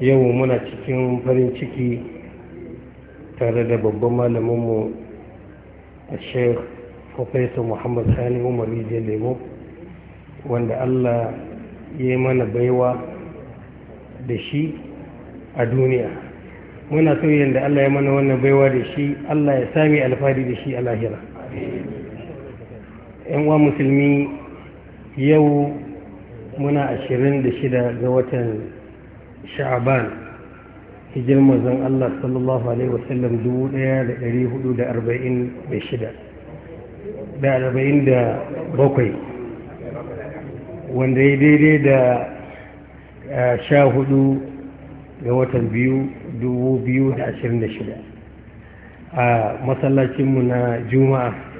yau muna cikin farin ciki tare da babban malaminmu a sheikh professor muhammad sani umar rijiyar lemo wanda allah ya yi mana baiwa da shi a duniya muna so yadda allah ya mana wannan baiwa da shi allah ya sami alfahari da shi a lahira 'yan musulmi yau muna ashirin da shida ga watan sha'aban hijir mazan Allah sallallahu Alaihi wasallam dubu ɗaya da ɗari hudu da arba'in da shida da arba'in da bakwai wanda ya daidai da sha hudu ga watan biyu dubu biyu da ashirin da shida a masallacinmu na juma'a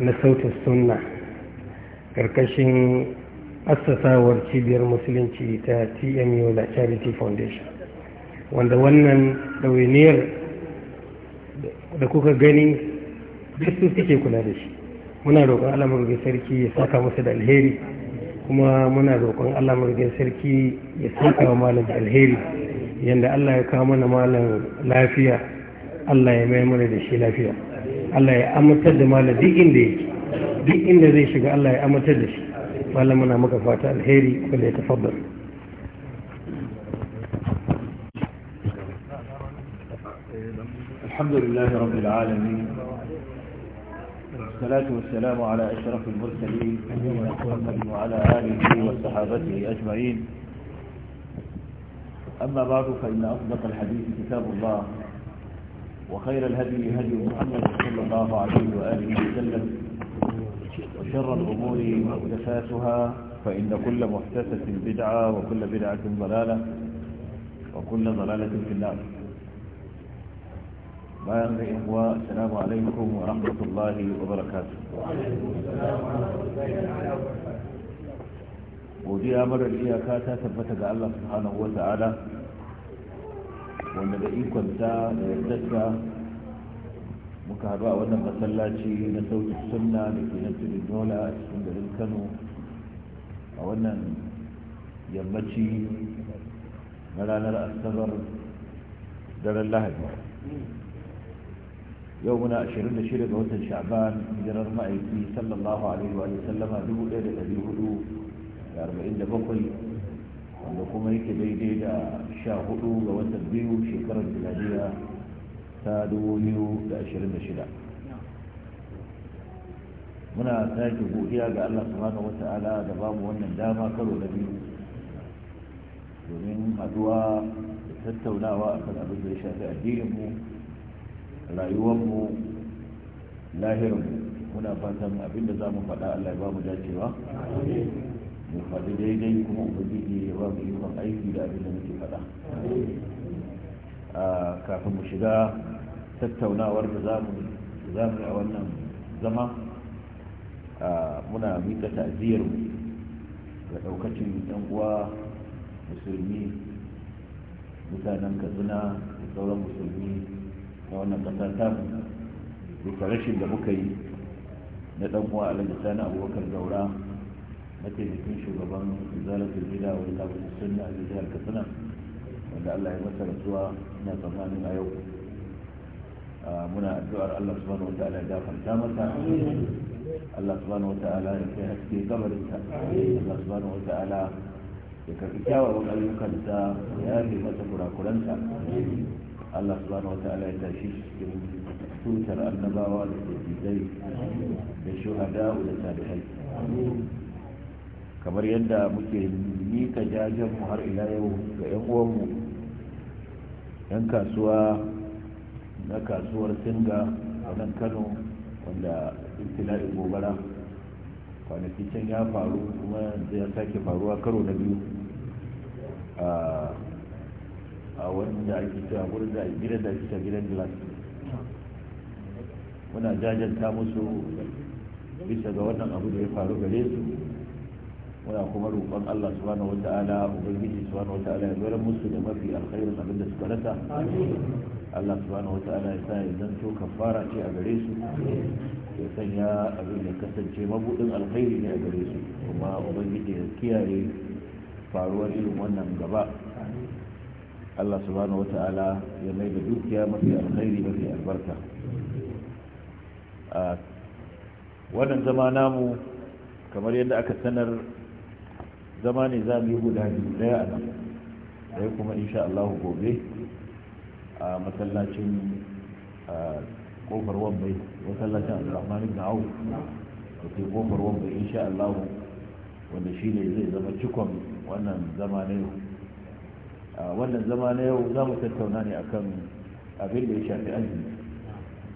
na sautin sunna ƙarƙashin assasawar cibiyar musulunci ta tmu da charity foundation wanda wannan ɗawainiyar da kuka gani su suke kula da shi muna roƙon alamurgin sarki ya saka musu da alheri kuma muna roƙon alamurgin sarki ya saka wa malam da alheri yadda allah ya kawo mana malam lafiya allah ya mai mana da shi lafiya الله ya amurta da mala duk inda zai shiga Allah الله amurta da shi wala muna maka fata الحمد لله رب العالمين والصلاة والسلام على أشرف المرسلين محمد وعلى آله وصحابته أجمعين أما بعد فإن أصدق الحديث كتاب الله وخير الهدي هدي محمد صلى الله عليه وآله وسلم وشر الأمور محدثاتها فإن كل محدثة بدعة وكل بدعة ضلالة وكل ضلالة في النار بيان إخوة السلام عليكم ورحمة الله وبركاته وعليكم السلام ورحمة الله وبركاته ودي أمر الإياكات ثبت الله سبحانه وتعالى wanda da ikonta da yardarta muka haɗu a wannan masallaci na sauki sunna da ke na tudun yola a cikin garin kano a wannan yammaci na ranar asabar daren lahadi yau muna 26 ga watan sha'ban hijirar ma'aiki sallallahu alaihi wa sallama 1447 wanda kuma yake daidai da sha hudu ga watan biyu shekarar miladiya ta dubu biyu da ashirin da shida muna sake godiya ga allah subhanahu wata ta'ala da bamu wannan dama karo na biyu domin haduwa da tattaunawa a kan abin da ya shafi addininmu rayuwarmu lahirinmu muna fatan abin da za mu faɗa allah ya ba bamu dacewa mu faɗi daidai kuma ubangiji ya ba mu ikon aiki da abin da muke faɗa ah, kafin mu shiga tattaunawar da za mu a wannan zama ah, muna mika ta'aziyar mu ga ɗaukacin yan uwa musulmi mutanen katsina da sauran musulmi na wannan ƙasar ta mu rashin da muka yi na ɗan uwa alhaji sani abubakar zaura mataimakin shugaban zalatul da wa ila wani sunna a jihar katsina wanda allah ya masa rasuwa na tsammanin a yau muna addu'ar allah subhanahu wataala ya gafarta masa allah subhanahu wataala ya kai haske kabarinta allah subhanahu ta'ala ya karfi kyawawan ayyukanta ya yafe masa kurakuranta allah subhanahu wataala ya tashi cikin tutar annabawa da tafidai da shuhada da salihai kamar yadda muke mika jajenmu har ila yau ga 'yan uwanmu 'yan kasuwa na kasuwar singa a nan kano wanda ibtila'in gobara kwanaki can ya faru kuma yanzu ya sake faruwa karo na biyu a wanda ake cewa wurin da gidan da ake gidan glass muna jajanta musu bisa ga wannan abu da ya faru gare su muna kuma roƙon Allah subhanahu wata'ala ubangiji subhanahu wata'ala ya bar musu da mafi alkhairin abin da suka rasa Allah subhanahu wata'ala ya sa ya zanto kafara ce a gare su ya sanya abin da kasance mabudin alkhairi ne a gare su kuma ubangiji ya kiyaye faruwar irin wannan gaba Allah subhanahu wata'ala ya mai da dukiya mafi alkhairi mafi albarka wannan zama namu kamar yadda aka sanar zama ne za mu yi guda biyu daya a nan daya kuma insha Allah gobe a masallacin kofar wambai masallacin abdurrahman ibn auf da ke kofar wambai insha Allah wanda shi ne zai zama cikon wannan zama na yau wannan zama na yau za mu tattauna ne akan abin da ya shafi aji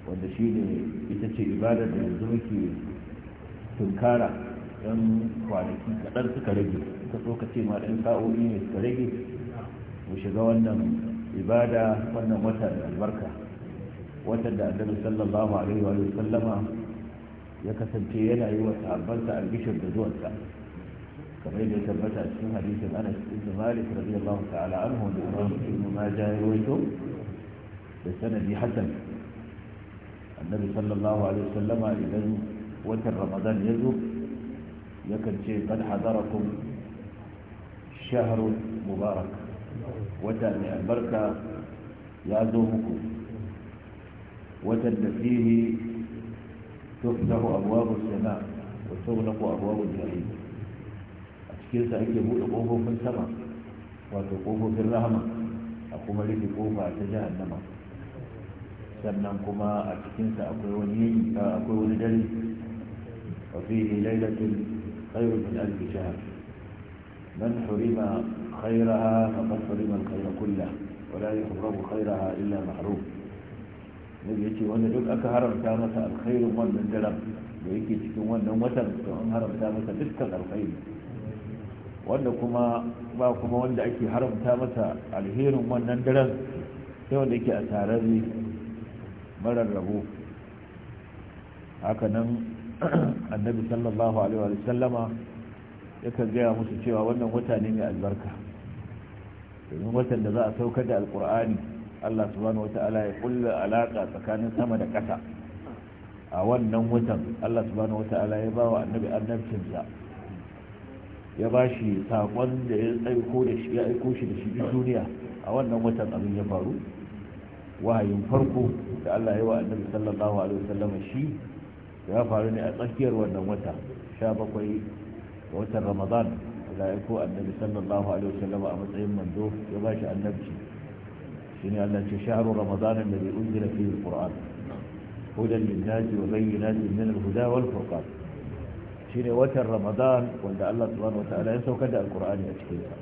wanda shi ne ita ce ibada da yanzu muke tunkara 'yan kwanaki kaɗan suka rage suka so ka ce maɗin sa'o'i ne suka rage mu shiga wannan ibada wannan wata da albarka watan da annabi sallallahu alaihi wa sallama ya kasance yana yi wa sahabbansa albishir da zuwansa kamar da ya tabbata cikin hadisin anas ibn malik radiyallahu ta'ala anhu da imam ibn majah ya rawaito da sanadi hasan annabi sallallahu alaihi wa sallama idan watan ramadan ya zo yakan ce qad hadarakum shaharun mubarak wata mai albarka ya zo muku watan da fihi tuftahu abwabu sama wa tughlaqu abwabu jari. a cikinsa ake buɗe ƙofofin sama wato ƙofofin rahama a kuma rufe ƙofa ta jihar nama. sannan kuma a cikinsa akwai wani akwai wani dare wa fiye lailatul khairu min alf shahr من حرم خيرها فقد حرم الخير كله ولا يحرم خيرها إلا محروم nabi yake wanda duk aka haramta masa alkhairin wannan daren da yake cikin wannan watan to an haramta masa dukkan alkhairi wanda kuma ba kuma wanda ake haramta masa alherin wannan daren sai wanda yake a tararre marar rabo haka nan annabi sallallahu alaihi wa sallama yakan gaya musu cewa wannan wata ne mai albarka domin watan da za a saukar da alkur'ani allah subhanahu wata'ala ya kulla alaƙa tsakanin sama da ƙasa a wannan watan allah subhanahu wata'ala ya ba wa annabi annabcinsa ya ba shi saƙon da ya aiko shi da shi duniya a wannan watan abin ya faru wahayin farko da Allah ya wa annabi sallallahu alaihi wasallam shi ya faru ne a tsakiyar wannan wata bakwai. watan ramadan da ya ko annabi sallallahu alaihi wasallam a matsayin manzo ya ba shi annabci shine Allah ce shahru ramadan alladhi unzila fihi alquran hudan lin-nasi wa bayyinatin min al-huda wal-furqan shine watan ramadan wanda Allah subhanahu wataala ya saukar da alqur'ani a cikin sa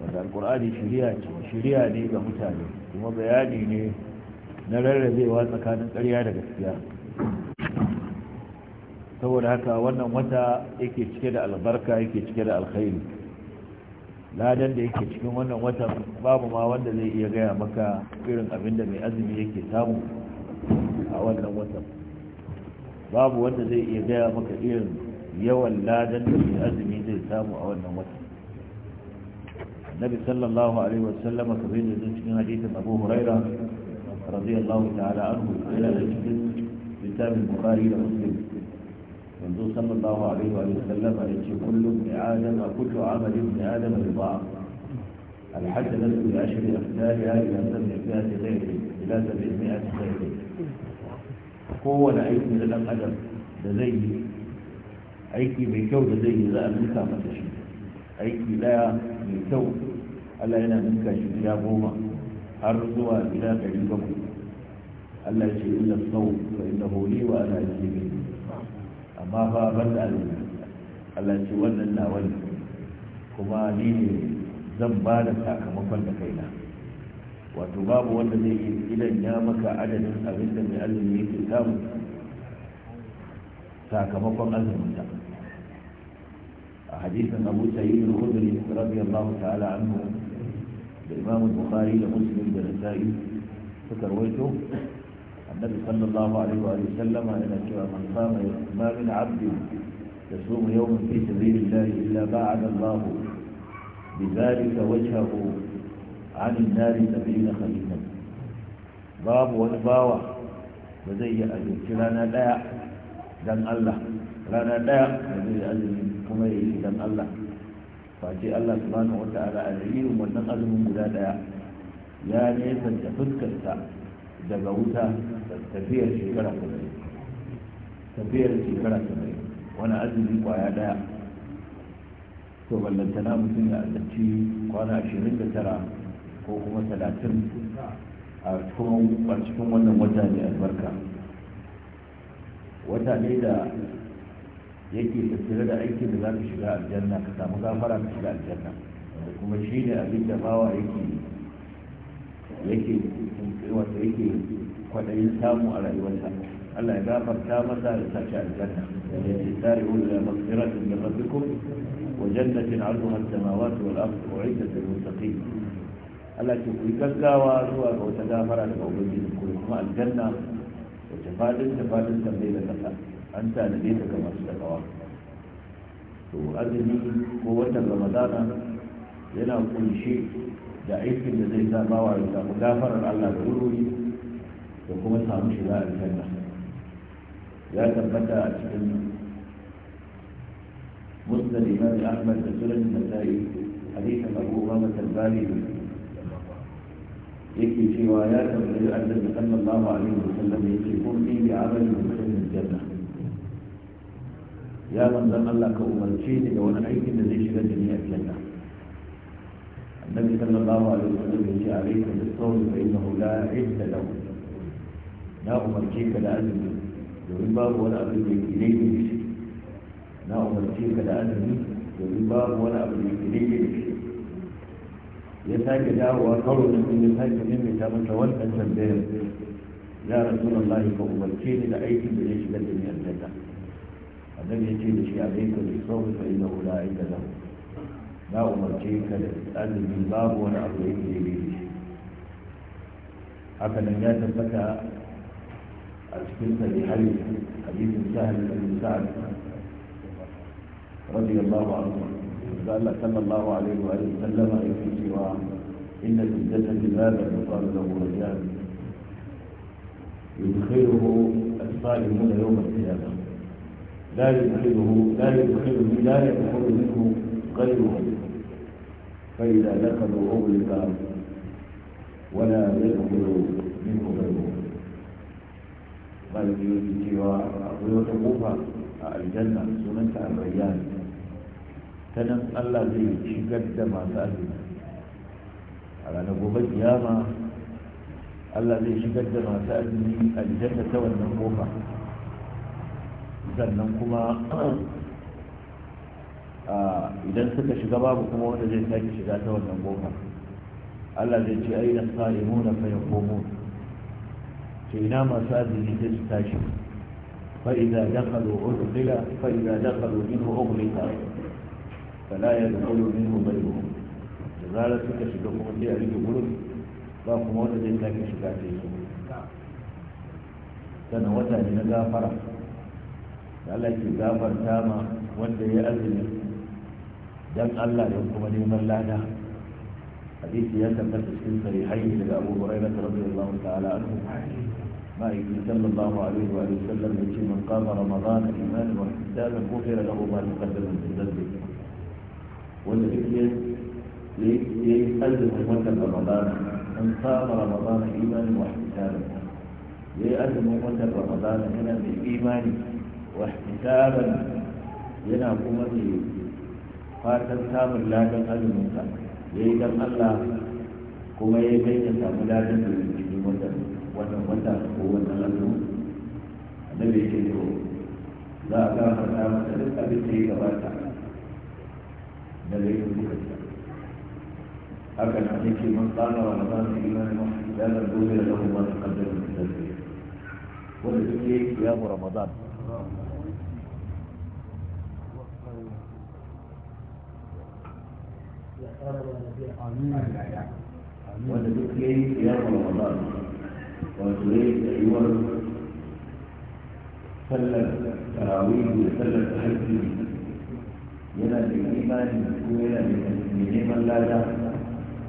wanda alqur'ani shiriya ce shiriya ne ga mutane kuma bayani ne na rarrabewa tsakanin ƙarya da gaskiya saboda haka wannan wata yake cike da albarka yake cike da alkhairi ladan da yake cikin wannan watan babu ma wanda zai iya gaya maka irin abin da mai azumi yake samu a wannan watan babu wanda zai iya gaya maka irin yawan ladan da mai azumi zai samu a wannan watan nabi sallallahu alaihi wasallam ka bai da cikin hadisin abu huraira radiyallahu ta'ala anhu yana da cikin littafin bukhari da منذ صلى الله عليه وسلم أنت كل ابن آدم وكل عمل ابن آدم رضاع الحج نزل بعشر أفتاه إلى سبع مئة غيره إلى سبع مئة غيره قوة عيك من الأقدم لزيه عيك بيكو لزيه لا أمسا ما تشير عيك لا بيكو ألا إنا منك يا بوما أرضوا إلى قريبكم ألا شيء إلا الصوم فإنه لي وأنا أجيبه amma fa ban da alwala Allah ce wannan na wani kuma ni ne zan ba da sakamakon da kaina wato babu wanda zai yi idan ya maka adadin abin da mai azumi yake samu sakamakon azumin ta a hadisin abu sayyid al-khudri radiyallahu ta'ala anhu da imam bukhari da muslim da nasa'i suka rawaito النبي صلى الله عليه وآله وسلم إلى شوى من صام ما من عبد يصوم يوما في سبيل الله إلا بعد الله بذلك وجهه عن النار سبعين خليلا باب ونباوة وزي أجل رانا لا دم الله رانا لا وزي أجل كما دم الله فأتي الله سبحانه وتعالى أجل ومن أجل من لا يا نيسا تفكر daga wuta tafiyar shekara saba'in tafiyar shekara wani azumi kwaya daya to ballantana mutum ya azanci kwana ashirin da tara ko kuma talatin a cikin wannan wata ne albarka wata ne da yake tattare da aikin da za ka shiga aljanna ka samu gafara ka shiga aljanna kuma shi ne abin da bawa yake yake wanda yake kwaɗayin samu a rayuwarsa Allah ya gafarta masa da sace aljanna da ya ce tarihu da maghfiratin min rabbikum wa jannatin 'arduha as-samawati wal ardu u'iddat lil muttaqin Allah ce ku gaggawa zuwa ga wata gafara daga ubangiji ku kuma aljanna da fadin ta fadin ta bai da kasa an tanade ta ga masu takawa to azumi ko watan ramadana yana kunshe da aikin da zai sa bawa ya samu gafarar Allah da wuri da kuma samu shiga aljanna ya tabbata a cikin الإمام أحمد وسنن النسائي حديث أبو أمامة البالي يكفي في روايات النبي صلى الله عليه وسلم يكفيكم فيه بعمل مدخل الجنة يا من ذم الله كأمر شيء وأنا الذي شغل جميع الجنة النبي صلى الله عليه وسلم يجي عليك بالصوم فإنه لا عد له لا أمرتيك لا أزمي domin babu wani abu da na umarce ka da azumi domin babu wani abu da ke daidai da shi ya sake dawowa karo da ya sake maimaita mata wannan tambayar ya rasu Allah ka umarce ni da aikin da ya shiga da ce da shi a bai ka bi sau لا أمرجيك لتسأل من باب ولا أبريك لبيك حتى لن يتبكى أشكرت لحديث حديث سهل بن سعد رضي الله عنه قال صلى الله عليه وآله وسلم في سواه إن الجنة لباب يقال له رجال يدخله الصائمون يوم القيامة لا يدخله لا يدخله لا يدخل منه غيره فإذا دخلوا أغلق ولا يدخل منه غيره بل يجيوا أقول تقوفا الجنة سنة الريان تنم الله زي شقد ما سألنا على نقوم ياما الله زي شقد ما سألني الجنة والنقوفة sannan كما idan suka shiga babu kuma wanda zai sake shiga ta wannan goma Allah zai ce ai dan na fa yaqumun to ina masu azumi zai su tashi fa idza dakhalu udkhila fa idza dakhalu minhu ughliqa fala yadkhulu minhu ghayruhu da zarar suka shiga kuma sai a rike gurin ba kuma wanda zai sake shiga ta yi sannan wata ne na gafara da Allah ke gafarta ma wanda ya azumi dan Allah dan kuma neman lada hadisi ya tabbata cikin sahihai daga Abu Hurairah radiyallahu ta'ala anhu ما صلى الله عليه وآله وسلم يجي من قام رمضان إيمانا واحتسابا غفر له ما تقدم من ذنبه والذكر يأذن مثل رمضان من قام رمضان إيمانا واحتسابا يأذن مثل رمضان هنا بإيمان واحتسابا ينام أمتي fatan samun ladan azuminsa ya yi don Allah kuma ya kai ta samu ladan da ya ciki wannan wata ko wannan lardu da ya ke to za a gafarta masa duk abin da ya gabata da laifin ta. haka na ke man tsara wa na zama yi mafi dalar dole da lahu ma ta da zai wanda duk ya yi kiyamu ramadan wanda duk ya yi siyar ramadan wato ya yi tsayuwar sallar tarawih da sallar tahajji yana da imani ko yana da neman lada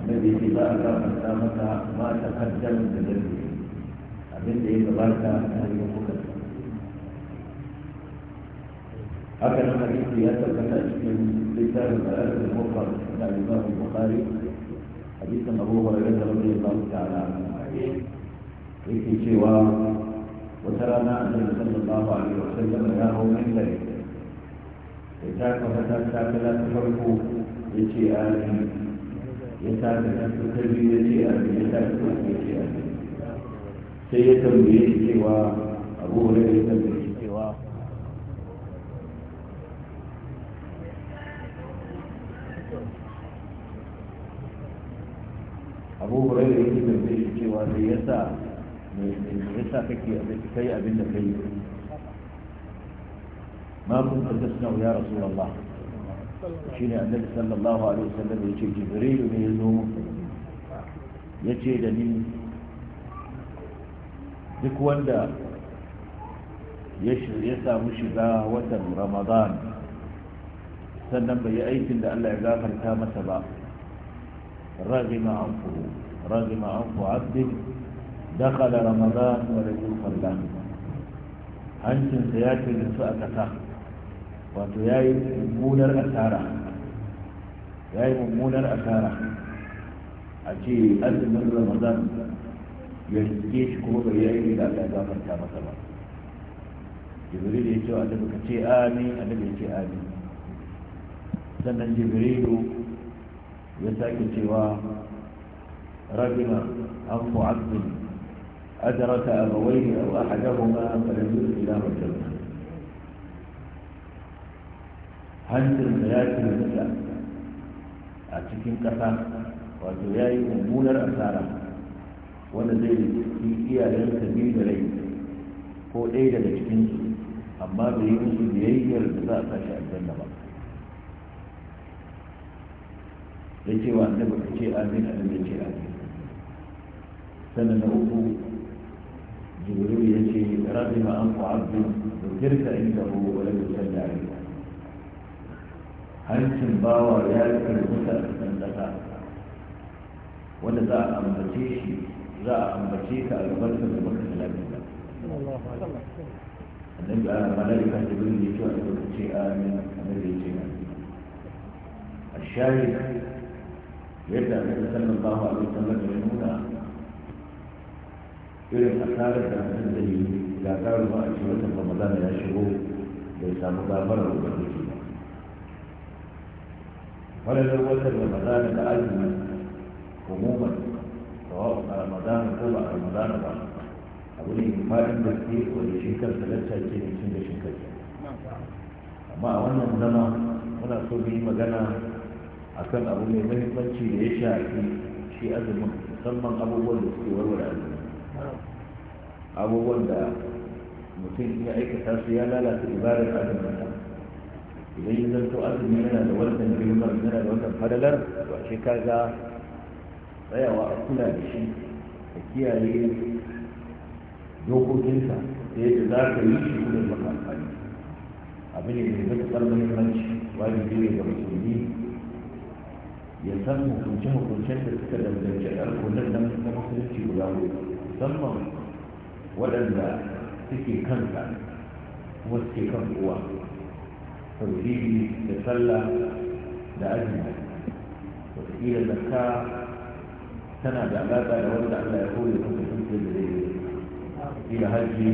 da bai ce ba a gafarta mata ma ta da dalili abin da ya gabata na yi haka nan hadisi ya tabbata cikin littafin al'adar da mufar da imam bukhari hadisin abu hurairah radiyallahu ta'ala yake cewa wata rana a babu annabi sallallahu alaihi wasallam ya hau min dare ya taka wata takala ta farko ya ce yi. ya taka ta ta biyu ya ce amin ya taka ta ya a yi. sai ya tambaye cewa abu hurairah ya tambaye abu hurairu yake tambaye shi cewa me yasa me yasa kake kai abin da kai ma kun tasna ya rasulullah shine annabi sallallahu alaihi wasallam ce jibril ne ya zo? Ya ce da ni duk wanda ya samu shiga watan ramadan sannan bai yi aikin da Allah ya gafarta masa ba رغم أنفه رغم أنف عبد دخل رمضان ولم يدخل له hancin sa ya ce da su a ƙasa wato ya yi mummunar asara ya yi a ce azumin ramadan ya rike shi kuma bai yi da Allah gafarta masa ba ya ce ce amin sannan ya sake cewa rabina an fi abdin ajarata a bawai ne a hajjar kuma a karfin ila mutum hancin da ya ce nuna a cikin ƙasa wato ya yi mummunar asara wanda zai yi iyayen ta biyu da rai ko ɗaya daga cikinsu amma da yi musu biyayyar da za a kashe a ya ce wa annabi ka ce amin annabi da ce amin sannan na uku jibril ya ce rabbi ma an abdu da kirka inda hu wa la da alayhi hancin bawa ya rika karbuta a cikin ƙasa wanda za a ambace shi za a ambace ka a gaban ka da baka salami ba annabi a malaika jibril ya ce wa annabi ka ce amin annabi ya ce amin الشاهد yadda annabi sallallahu alaihi wasallam ya nuna irin asarar da mutum zai yi ga karu ba a ce watan ramadan ya shigo bai samu gafarar ubangiji ba falalar watan ramadan da azumi umuman wa a ramadan ko ba a ramadan ba abu ne faɗin da ke wani shi kansa lantarki ne cin da shi amma a wannan zama muna so mu yi magana akan abu mai mahimmanci da ya shafi shi azumin musamman abubuwan da suke warware azumin abubuwan da mutum ya aikata su ya lalata ibadar azumin sa idan yi zarto azumi yana da wannan girmar yana da wannan fadalar ba shi ka ga tsayawa a kula da shi da kiyaye dokokinsa da yadda za ka yi shi kuma maka amfani abu ne mai matuƙar mahimmanci wajibi ne ga musulmi ya san hukunce hukuncen da suka danganci alkulan nan na musulunci guda hudu musamman waɗanda suke kanka kuma suke kan uwa tauhidi da sallah da azumi wataƙila zakka tana da alaƙa da wanda allah ya kore kuma sun da zai yi wataƙila hajji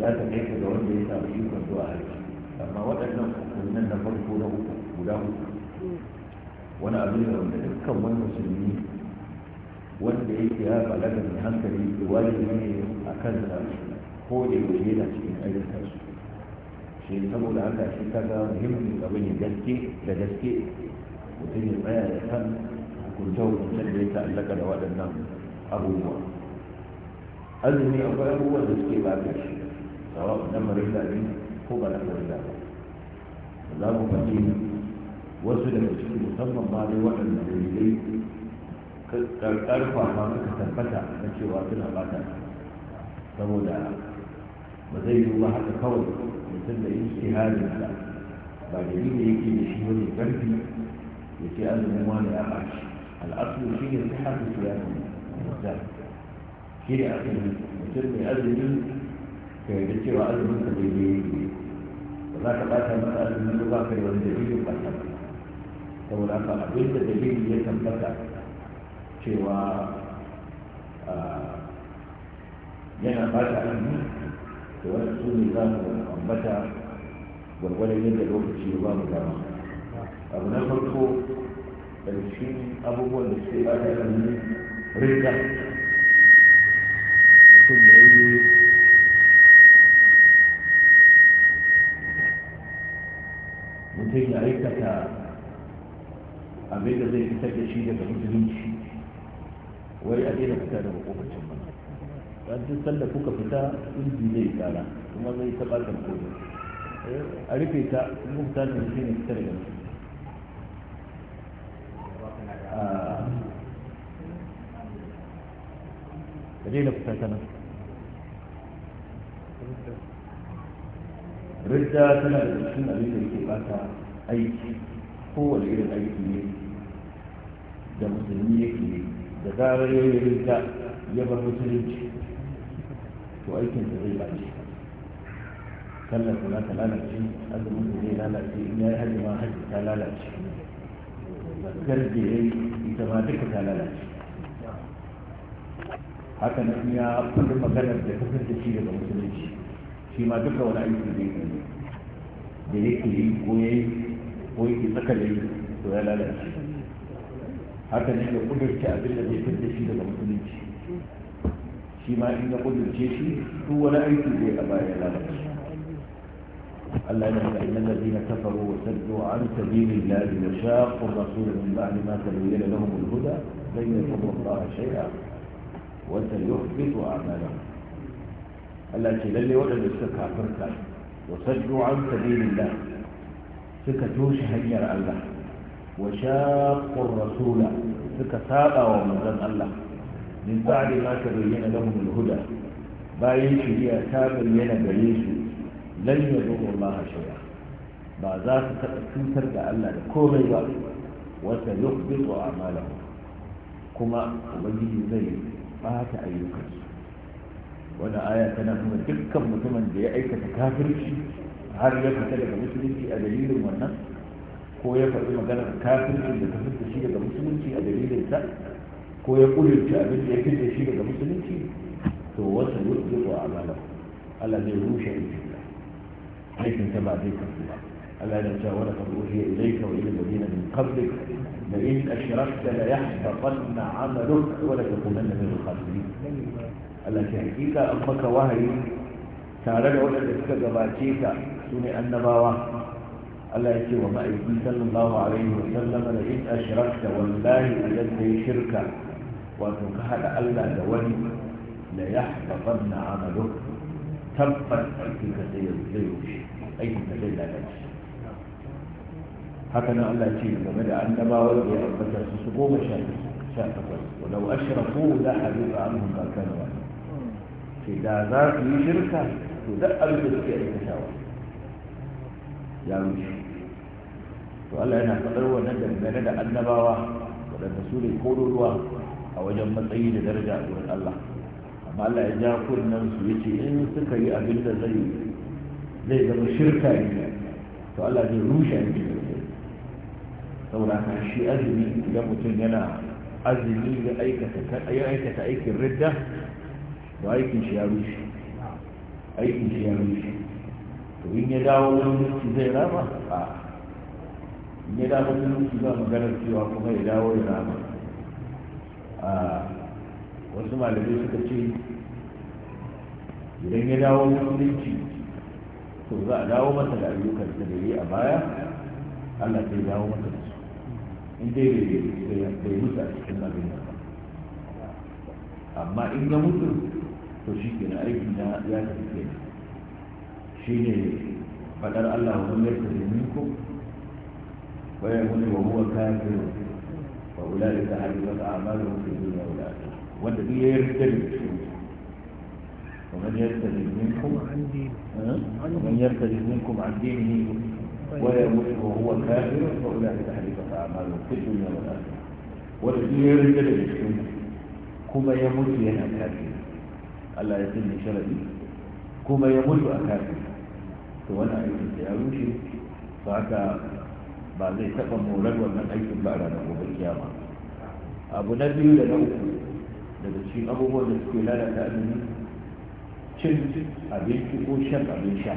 za ta kai ga wanda ya samu ikon zuwa hajji amma waɗannan hukunan na farko na uku guda uku wani abu ne wanda dukkan wani musulmi wanda yake ya balaga mai hankali wajibi ne a kan ko da yaushe yana cikin ayyukan su shi saboda haka shi kaga muhimmin abu ne gaske da gaske mutum ya tsaya da kan hukunce-hukuncen da ya ta'allaka da waɗannan abubuwa azumi akwai abubuwan da suke ba shi sawa na marilla ne ko ba na marilla ba za mu fahimta wasu daga cikin musamman ma dai waɗanda dalilai karfafa suka tabbata na cewa suna bata saboda ba zai yi ba haka kawai mutum da yin ihalinsa ba da yi da yake da shi wani ƙarfi ya ce azumin wani ya ɓaci al'asu shi ne su haka su yawon mutum shi ne azumin mutum mai azumin ka yarda cewa azumin ka daidai ne ba za ka ɓata masa azumin ba ka yi wani dalilin ɓata ba saboda haka abin da dalili ya tabbata cewa yana bata ilimi da wani su ne za mu ambata gwargwadon yadda lokaci ya ba mu dama abu na farko da abubuwan da suke bata ilimi rika mutum ya yi mutum ya aikata abin da zai fitar da shi daga musulunci wai a daina fita daga kofacin ba a duk sanda kuka fita inji zai tsara kuma zai taɓa da kodin eh, a rufe ta kuma fita da shi ne fitar da musulunci ka ah. daina fita ta nan ridda tana da cikin abin da yake bata aiki kowane irin aiki ne da musulmi ya ke da zarar ya yi rinta ya bar musulunci to aikin da zai bace sallar kuna ta lalace azumin da zai lalace in ya yi hajji ma hajji ta lalace zakar da ya yi ita ma duka ta lalace haka nan ya kudin maganar da ta da shi daga musulunci shi ma duka wani aiki da ya da yake yi ko ya yi ko yake tsaka da to ya lalace haka ne da kudurce abin da zai fitar shi daga musulunci shi ma in da kudurce shi su wani aiki zai a baya lalace الله يقول إن الذين كفروا وسدوا عن سبيل الله وشاقوا الرسول من بعد ما تبين لهم الهدى لن يضروا الله شيئا وسيحبط أعمالهم التي لن يولد السكة فركة وسدوا عن سبيل الله سكة توش هنير الله wa shaqqur rasula suka saba wa manzon Allah min ba'di ma bayyana lahum al-huda bayan shari'a ta bayyana gare su lan zuwa Allah shay'a ba za su taɓa cutar da Allah da komai ba wata yukhbitu a'malahum kuma ubangiji zai bata ayyukansu wani aya tana nuna dukkan mutumin da ya aikata kafirci har ya fita daga musulunci a dalilin wannan ko ya faɗi maganar kafircin da ka fitta shi daga musulunci a dalilinsa ko ya ƙudurci abin da ya fitta shi daga musulunci to wasu yuzuru a amalar Allah zai rushe aikinsa aikinsa ba zai kafu ba Allah ya ce wala kan ruhi ilayka wa ila alladhina min qablik da in ashrakta la yahbaqanna 'amaluk wa la takunanna min al-khasirin Allah ce hakika an maka wahayi tare da waɗanda suka gabace ka su ne annabawa عليك وما يقول صلى الله عليه وسلم لئن أشركت والله أجدني شركا وأتركها لألا لولي ليحفظن عملك تبقى تلك سيد زيوش أي تلك سيد هكذا ألا شيء ومدى عندما ولي أبدا سسقوم شافة ولو أشركوا لا حبيب عنهم ما كانوا في دازار في شركة تدأل بسكير التشاور ya rushe to Allah yana faɗar wannan dangane da annabawa waɗanda su ne kodoruwa a wajen matsayi da daraja a wurin Allah amma Allah ya ja kunnen su yace in suka yi abin da zai zai zama shirka ne to Allah zai rushe ne saboda haka shi azumi idan mutum yana azumi ya aikata aikin ridda to aikin shi ya rushe aikin shi ya rushe to in ya dawo wani mulki zai rama a in ya dawo wani mulki za maganar cewa kuma ya dawo ya rama a wasu malamai suka ce idan ya dawo mulki to za a dawo masa da ayyukan da yi a baya allah zai dawo masa da su in dai bai mutu a cikin abin nan amma in ya mutu to shi ke na aiki na ya tafi kenan shi ne faɗar Allah wa mai da minkum wa ya mutu wa huwa kafir wa ulai ka hadu wa ta'amalu fi dunya wa akhirah wanda duk ya yarda da shi ومن يرتد منكم عن دينه ومن يرتد منكم عن دينه ويموت وهو كافر فاولئك حبطت اعمالهم في الدنيا والاخره والذي يرتد منكم كما يموت يا كافر الا يتم شرعي كما يموت اكافر to wani aikin da ya rushe ba haka ba zai taɓa morar wannan aikin ba a ranar gobe kiyama abu na biyu da na uku daga cikin abubuwan da suke lalata azumi cin abinci ko shan abin sha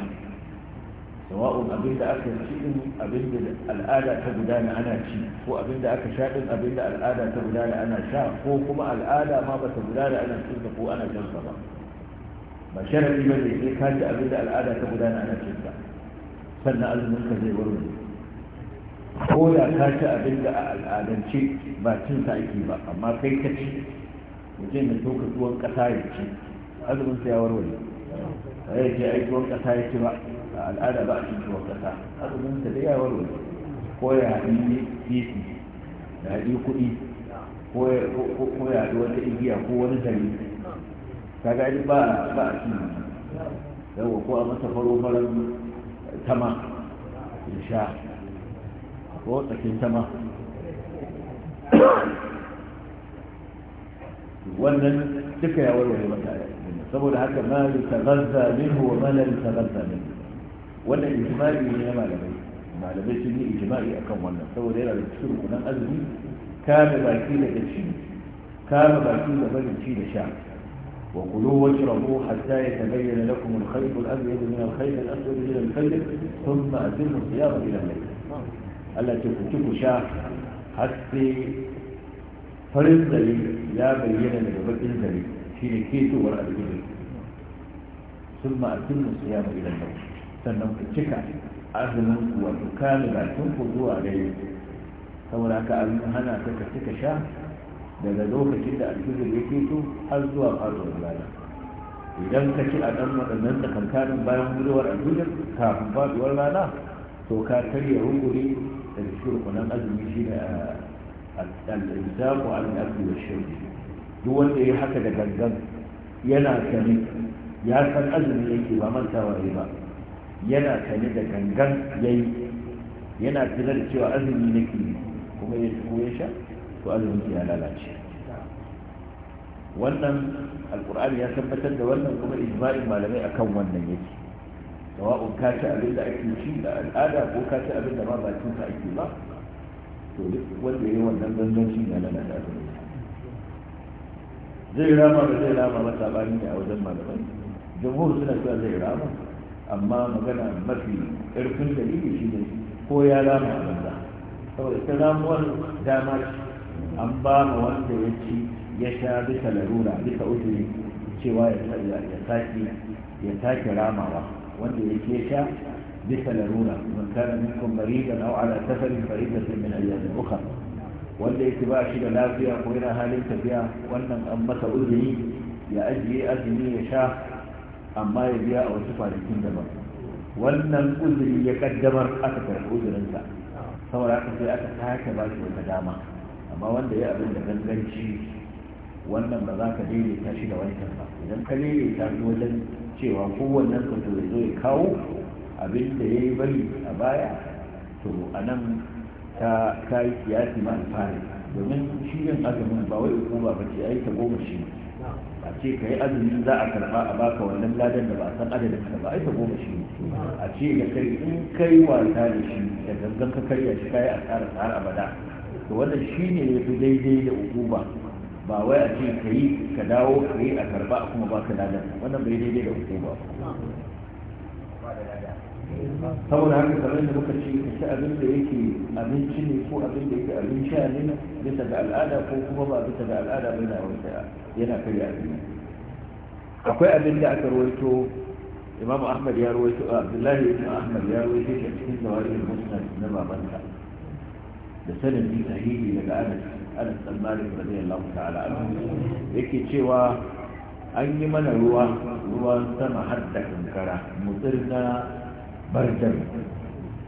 sawa'un abin da aka ci din abin da al'ada ta gudana ana ci ko abin da aka sha din abin da al'ada ta gudana ana sha ko kuma al'ada ma ba ta gudana ana cin ko ana shan ba ba sharafi ba ne sai ka ci abin da al'ada ta gudana ana cin sa sannan azumin ka zai wuri ko da ka ci abin da a al'adance ba cin sa ake ba amma kai ka ci mutum da ka tuwon kasa ya ci azumin sa ya warware ba ya ce ai tuwon kasa ya ci ba a al'ada ba a cin tuwon kasa azumin sa da ya warware ko ya yi titi da yi kuɗi ko ya yi wata igiya ko wani zari kaga ai ba ba a cikin yawa ko a masa faro faran tama ya sha ko tsakin tama wannan duka ya warware mata saboda haka ma yi tagazza minhu wa ma la tagazza minhu wannan ijma'i ne na malamai malamai sun yi ijma'i akan wannan saboda yana da cikin rukunan azumi kame baki daga ci kame baki da barin ci da sha وكلوا واشربوا حتى يتبين لكم الخيط الأبيض من الخيط الأسود إلى الفجر ثم أتموا الصيام إلى الليل ألا تفتكوا شاف حتى فرد دليل لا بين لجبت دليل في الكيت وراء الدليل ثم أتموا الصيام إلى الليل سنم تشكى أذن وتكامل تنفضوا عليه ثم لك أذن هنا تكتك شاف daga lokacin da alfijir ya keto har zuwa faruwar rana idan ka ci a ɗan waɗannan tsakankanin bayan gudowar alfijir kafin faduwar rana to ka karya rukuni da cikin rukunan azumi shi ne al'insaku al'abdu wa shirki duk wanda ya haka da gangan yana sani ya san azumi yake ba mantawa ne ba yana sani da gangan yayi yana tunar cewa azumi nake kuma ya sha to azumin ya lalace wannan alkur'ani ya tabbatar da wannan kuma ijma'in malamai akan wannan yake sawa'un ka ci abin da ake shi da al'ada ko ka ci abin da ma bakin ka ake ba to duk wanda yayi wannan gangancin ya lalata zai rama ba zai rama ba sabani ne a wajen malamai jamhur suna cewa zai rama amma magana mafi ƙarfin dalili shi ne ko ya rama a banza saboda ta ramuwar dama ce an ba ma wanda ya ci ya sha bisa larura bisa uzuri cewa ya sake ya sake ramawa wanda ya ke sha bisa larura man kana minkum da aw ala safarin sun min ayyamin uka wanda ya ba shi da lafiya ko yana halin tafiya wannan an masa uzuri ya ajiye azumi ya sha amma ya biya a wasu kwanakin daban wannan uzuri ya kaddamar aka karɓi uzurinsa saboda haka sai aka sake ba shi wata dama amma wanda ya abin da ganganci wannan ba za ka daidaita shi da wancan ba idan ka daidaita shi wajen cewa kowannen ka to zo ya kawo abin da ya yi bari a baya to a nan ta yi kiyasi ma alfahari domin shi yin azumin ba wai hukuma ba ce ai ta goma shi a ce ka yi azumin za a karba a baka wannan ladan da ba a san adadin ka ba ai ta goma shi a ce da kai in kai wasa da shi da gangan ka karya shi kai a tsara tsara abada to wannan shine ya fi daidai da hukuma ba wai a ce ka yi ka dawo ka yi a karba kuma ba ka ladar wannan bai daidai da hukuma saboda haka kamar da muka ce ka ci abin da yake abinci ne ko abin da yake abin sha ne bisa ga al'ada ko kuma ba bisa ga al'ada ba yana wata yana karya abin akwai abin da aka rawaito imam ahmad ya rawaito abdullahi ibn ahmad ya rawaito shi a cikin zawarin musnad na babansa da sanadi sahihi daga anas anas dan malik radiyallahu ta'ala anhu yake cewa an yi mana ruwa ruwan sama har da kankara na barjan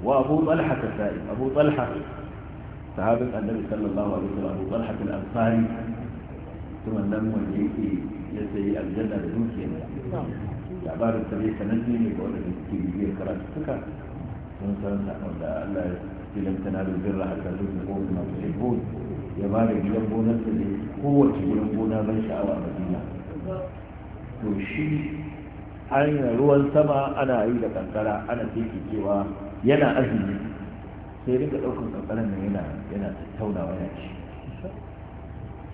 wa abu talha kasai abu talha sahabin annabi sallallahu alaihi wasallam abu talha al-ansari kuma nan wanda yake ya sayi aljanna da dukiyar labarin sa ne sananne ne ga wanda suke bibiyar karatu suka sun san sa wanda Allah ya لم تنالوا البر حتى تنفقوا مما تحبون ya ba da gidan gonarsa da kowace gidan gona ban sha'awa a madina to shi hanyar ruwan sama ana yi da kankara ana teki cewa yana azumi sai rika ɗaukar kankaran nan yana tattaunawa ya ci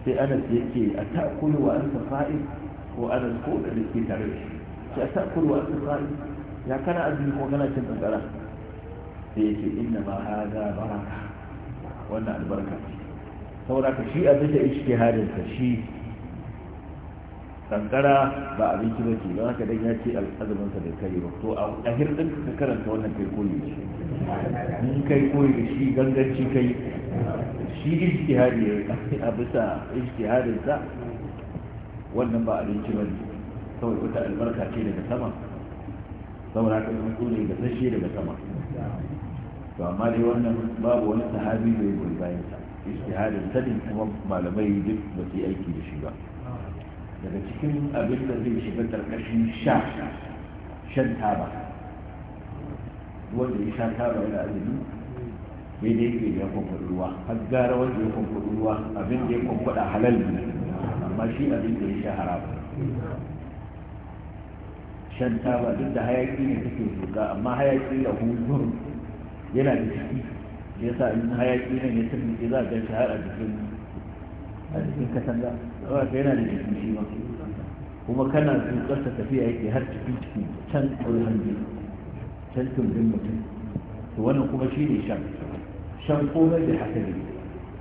sai anas yake a ta'kulu wa ko anas ko da ya kana azumi ko kana cin kankara sai yake inna ma hada baraka wannan albarka ce saboda ka shi abin da ishke hadin ka shi kankara ba abinci ba ce don haka dan ya ce azumin sa da kare ba to a hirdin ka karanta wannan kai koyi shi in kai koyi da shi ganganci kai shi ishke hadi a bisa ishke hadin sa wannan ba abinci ba ne saboda wata albarka ce daga sama saboda haka sun ne da sashe daga sama to amma dai wannan babu wani sahabi da ya goyi bayan sa ijtihadin sadin kuma malamai duk ba su aiki da shi ba daga cikin abin da zai shiga karkashin sha shan taba wanda ya sha taba yana azumi bai da yake ya kwamfaɗi ruwa har gara wanda ya kwamfaɗi ruwa abin da ya kwamfaɗa halal ne amma shi abin da ya sha haramu shan taba duk da hayaki ne take zuka amma hayaki da huzur yana da ciki ya sa in hayaki nan ya tafi za a ganshi har a jikin a jikin katanga saboda yana da ciki shi ma kuma kana tsotsar ta tafiya yake har cikin ciki can tsoron can tumbin mutum to wannan kuma shi ne shan shan komai da haka ne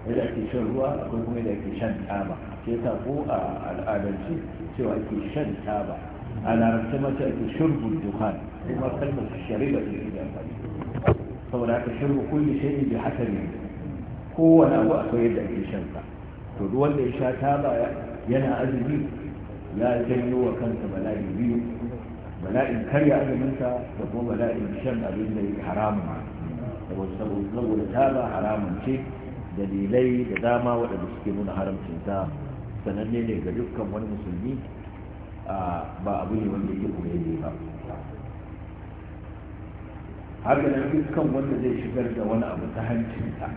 yadda ake shan ruwa akwai kuma yadda ake shan taba shi yasa ko a al'adance cewa ake shan taba a larabce mace ake shurbin dukkan kuma kalmar shari'a ce da amfani saboda haka shirku kulli shay'in bi hasari kowane abu akwai yadda ake shan sa to duk wanda ya sha taba yana azumi ya janyo wa kansa bala'i biyu bala'in karya azuminsa da kuma bala'in shan abin da yake haramun saboda taba haramun ce dalilai da dama waɗanda suke nuna haramcin ta sananne ne ga dukkan wani musulmi ba abu ne wanda yake koyayye ba haka nan kan wanda zai shigar da wani abu ta hancinsa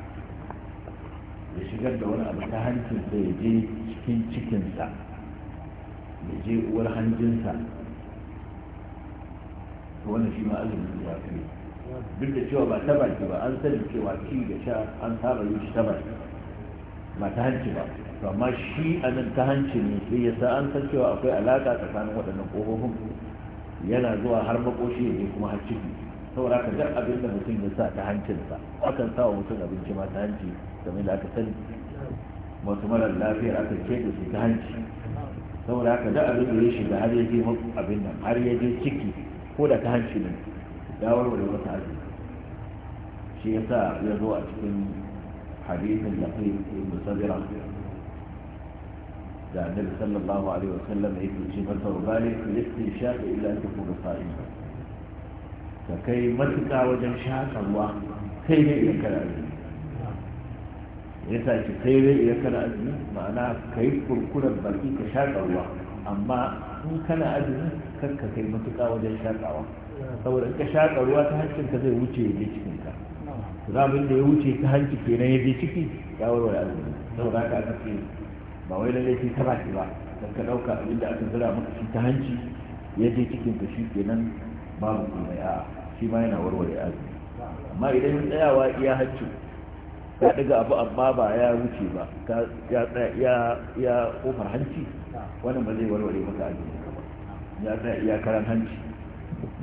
ya shigar da wani abu ta hancinsa ya je cikin cikinsa ya je uwar hanjinsa to wannan shi ma azumin ya kai duk da cewa ba ta baki ba an sani cewa ci da sha an saba yin shi ta baki ba ta hanci ba to amma shi a nan ta hanci ne sai ya sa an san cewa akwai alaka tsakanin waɗannan ƙofofin yana zuwa har makoshi ya je kuma har ciki saboda ka jar abin da mutum ya sa ta hancinsa akan sa wa mutum abinci ma ta hanci kamar da aka sani wasu marar lafiyar aka ce da su ta hanci saboda haka da abin da ya shiga har ya je abin nan har ya je ciki ko da ta hanci ne ya warware wata aji shi ya sa ya zo a cikin hadisin da kai ibn sabira da annabi sallallahu alaihi wasallam yake ce masa rubali fi shafi illa an takuna sa'ima ka kai matuka wajen shaƙa ruwa kai ne iya kara azumi ya sa ki kai ne iya kara azumi ma'ana ka yi kurkuren baki ka shaƙa ruwa amma in kana azumi kar ka kai matuka wajen shaƙawa saboda in ka shaƙa ruwa ta hancin ka zai wuce ya je cikin ka zamin da ya wuce ta hancin kenan ya je ciki ya warware azumi saboda haka aka ce ba wai lalle sai ta ba kan ka ɗauka abinda aka zira maka shi ta hanci ya je cikin ka shi kenan babu komai a shi ma yana warware azumi amma idan tsayawa iya hacci ya daga abu amma ba ya wuce ba ya ya kofar hanci wannan ba zai warware maka azumi ba ya tsaya iya karan hanci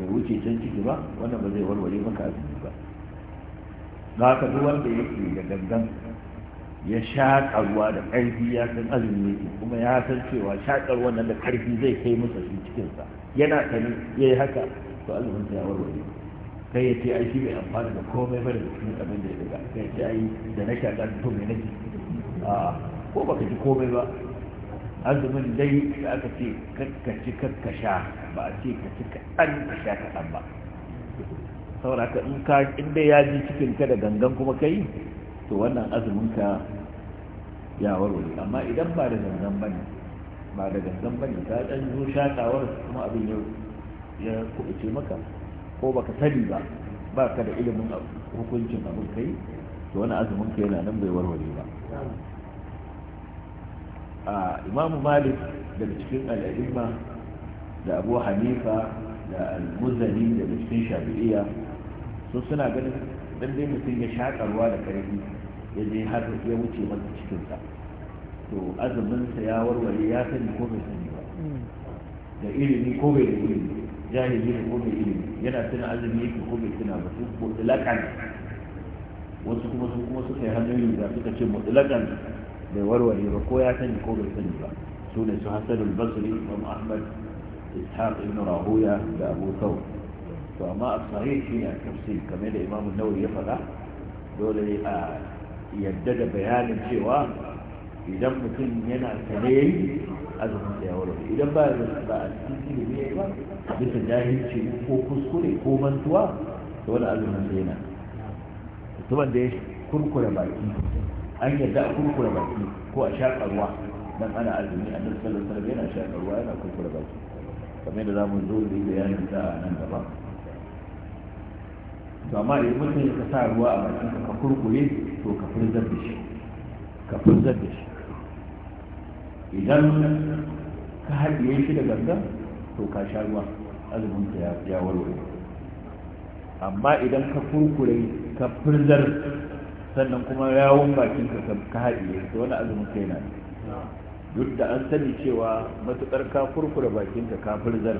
bai wuce can ciki ba wannan ba zai warware maka azumi ba za ka duk wanda yake da gangan ya shaƙa ruwa da ƙarfi ya san azumi yake kuma ya san cewa shaƙar wannan da ƙarfi zai kai masa shi cikinsa yana tani ya yi haka to azumin ya warware kai ya ce ai shi bai amfana da komai ba da cikin abin da ya daga kai ya ce ai da na shaƙa to me nake a ko baka ji komai ba azumin dai da aka ce kakkaci kakkasha ba a ce ka ci kaɗan ka sha kaɗan ba saboda ka in ka in dai ya ji cikin ka da gangan kuma kai to wannan azumin ka ya warware amma idan ba da gangan bane ba da gangan bane ka ɗan zo shaƙawar kuma abin yau ya kubuce maka ko baka sani ba baka da ilimin hukuncin abin kai to wani azumin ka yana nan bai warware ba a imamu malik daga cikin al'adimma da abu hanifa da al-muzani daga cikin shafi'iyya su suna ganin dan dai mutum ya shakarwa da karfi ya je har ya wuce masa cikinsa to azumin sa ya warware ya sani ko bai sani ba hmm. da ilimi ko bai da ilimi jahili ne ko mai ilimi yana tuna azumi yake ko mai tuna ba su mutlaƙan wasu kuma su kuma suka yi hanyoyin da suka ce mutlaƙan bai warware ba ko ya sani ko bai sani ba su ne su hasanul basri imam ahmad ishaq ibn rahuya da abu thawb to amma a sahih shine a tafsir kamar da imam an-nawawi ya faɗa dole a yadda da bayanin cewa idan mutum yana sane yayi azumin da ya warware idan ba ba a cikin ilimi yayi ba bisa jahilci ko kuskure ko mantuwa da wani azumin sai yana mutumin da ya kurkure baki an yadda a kurkura baki ko a shaƙa ruwa ana azumi a nan sallar sarari yana shaƙa ruwa yana kurkura baki kamar da za mu zo da bayanin sa a nan gaba to amma idan mutum ya sa ruwa a bakin ka kurkure to ka furzar da shi ka furzar da shi idan ka haɗiye shi da gangan to ka sha ruwa azumin ka ya warware amma idan ka furkure, ka firzar sannan kuma yawon bakin ka ka haɗiye to wani azumin ka yana duk da an sani cewa matuƙar ka furkure bakin ka ka firzar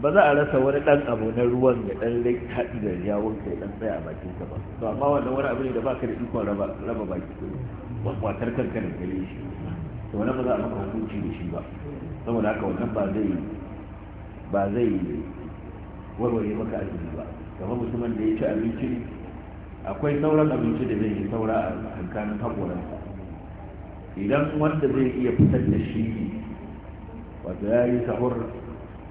ba za a rasa wani ɗan abu na ruwan da ɗan rai haɗi da yawon ka ɗan tsaya a bakin ka ba to amma wannan wani abu ne da ba ka da ikon raba baki kwatar kanka da yi shi to wani ba za a maka hukunci da shi ba saboda haka wannan ba zai ba zai warware maka azumi ba kamar musamman da ya ci abinci akwai sauran abinci da zai yi saura a hankalin haƙoransa idan wanda zai iya fitar da shi wato ya yi sahur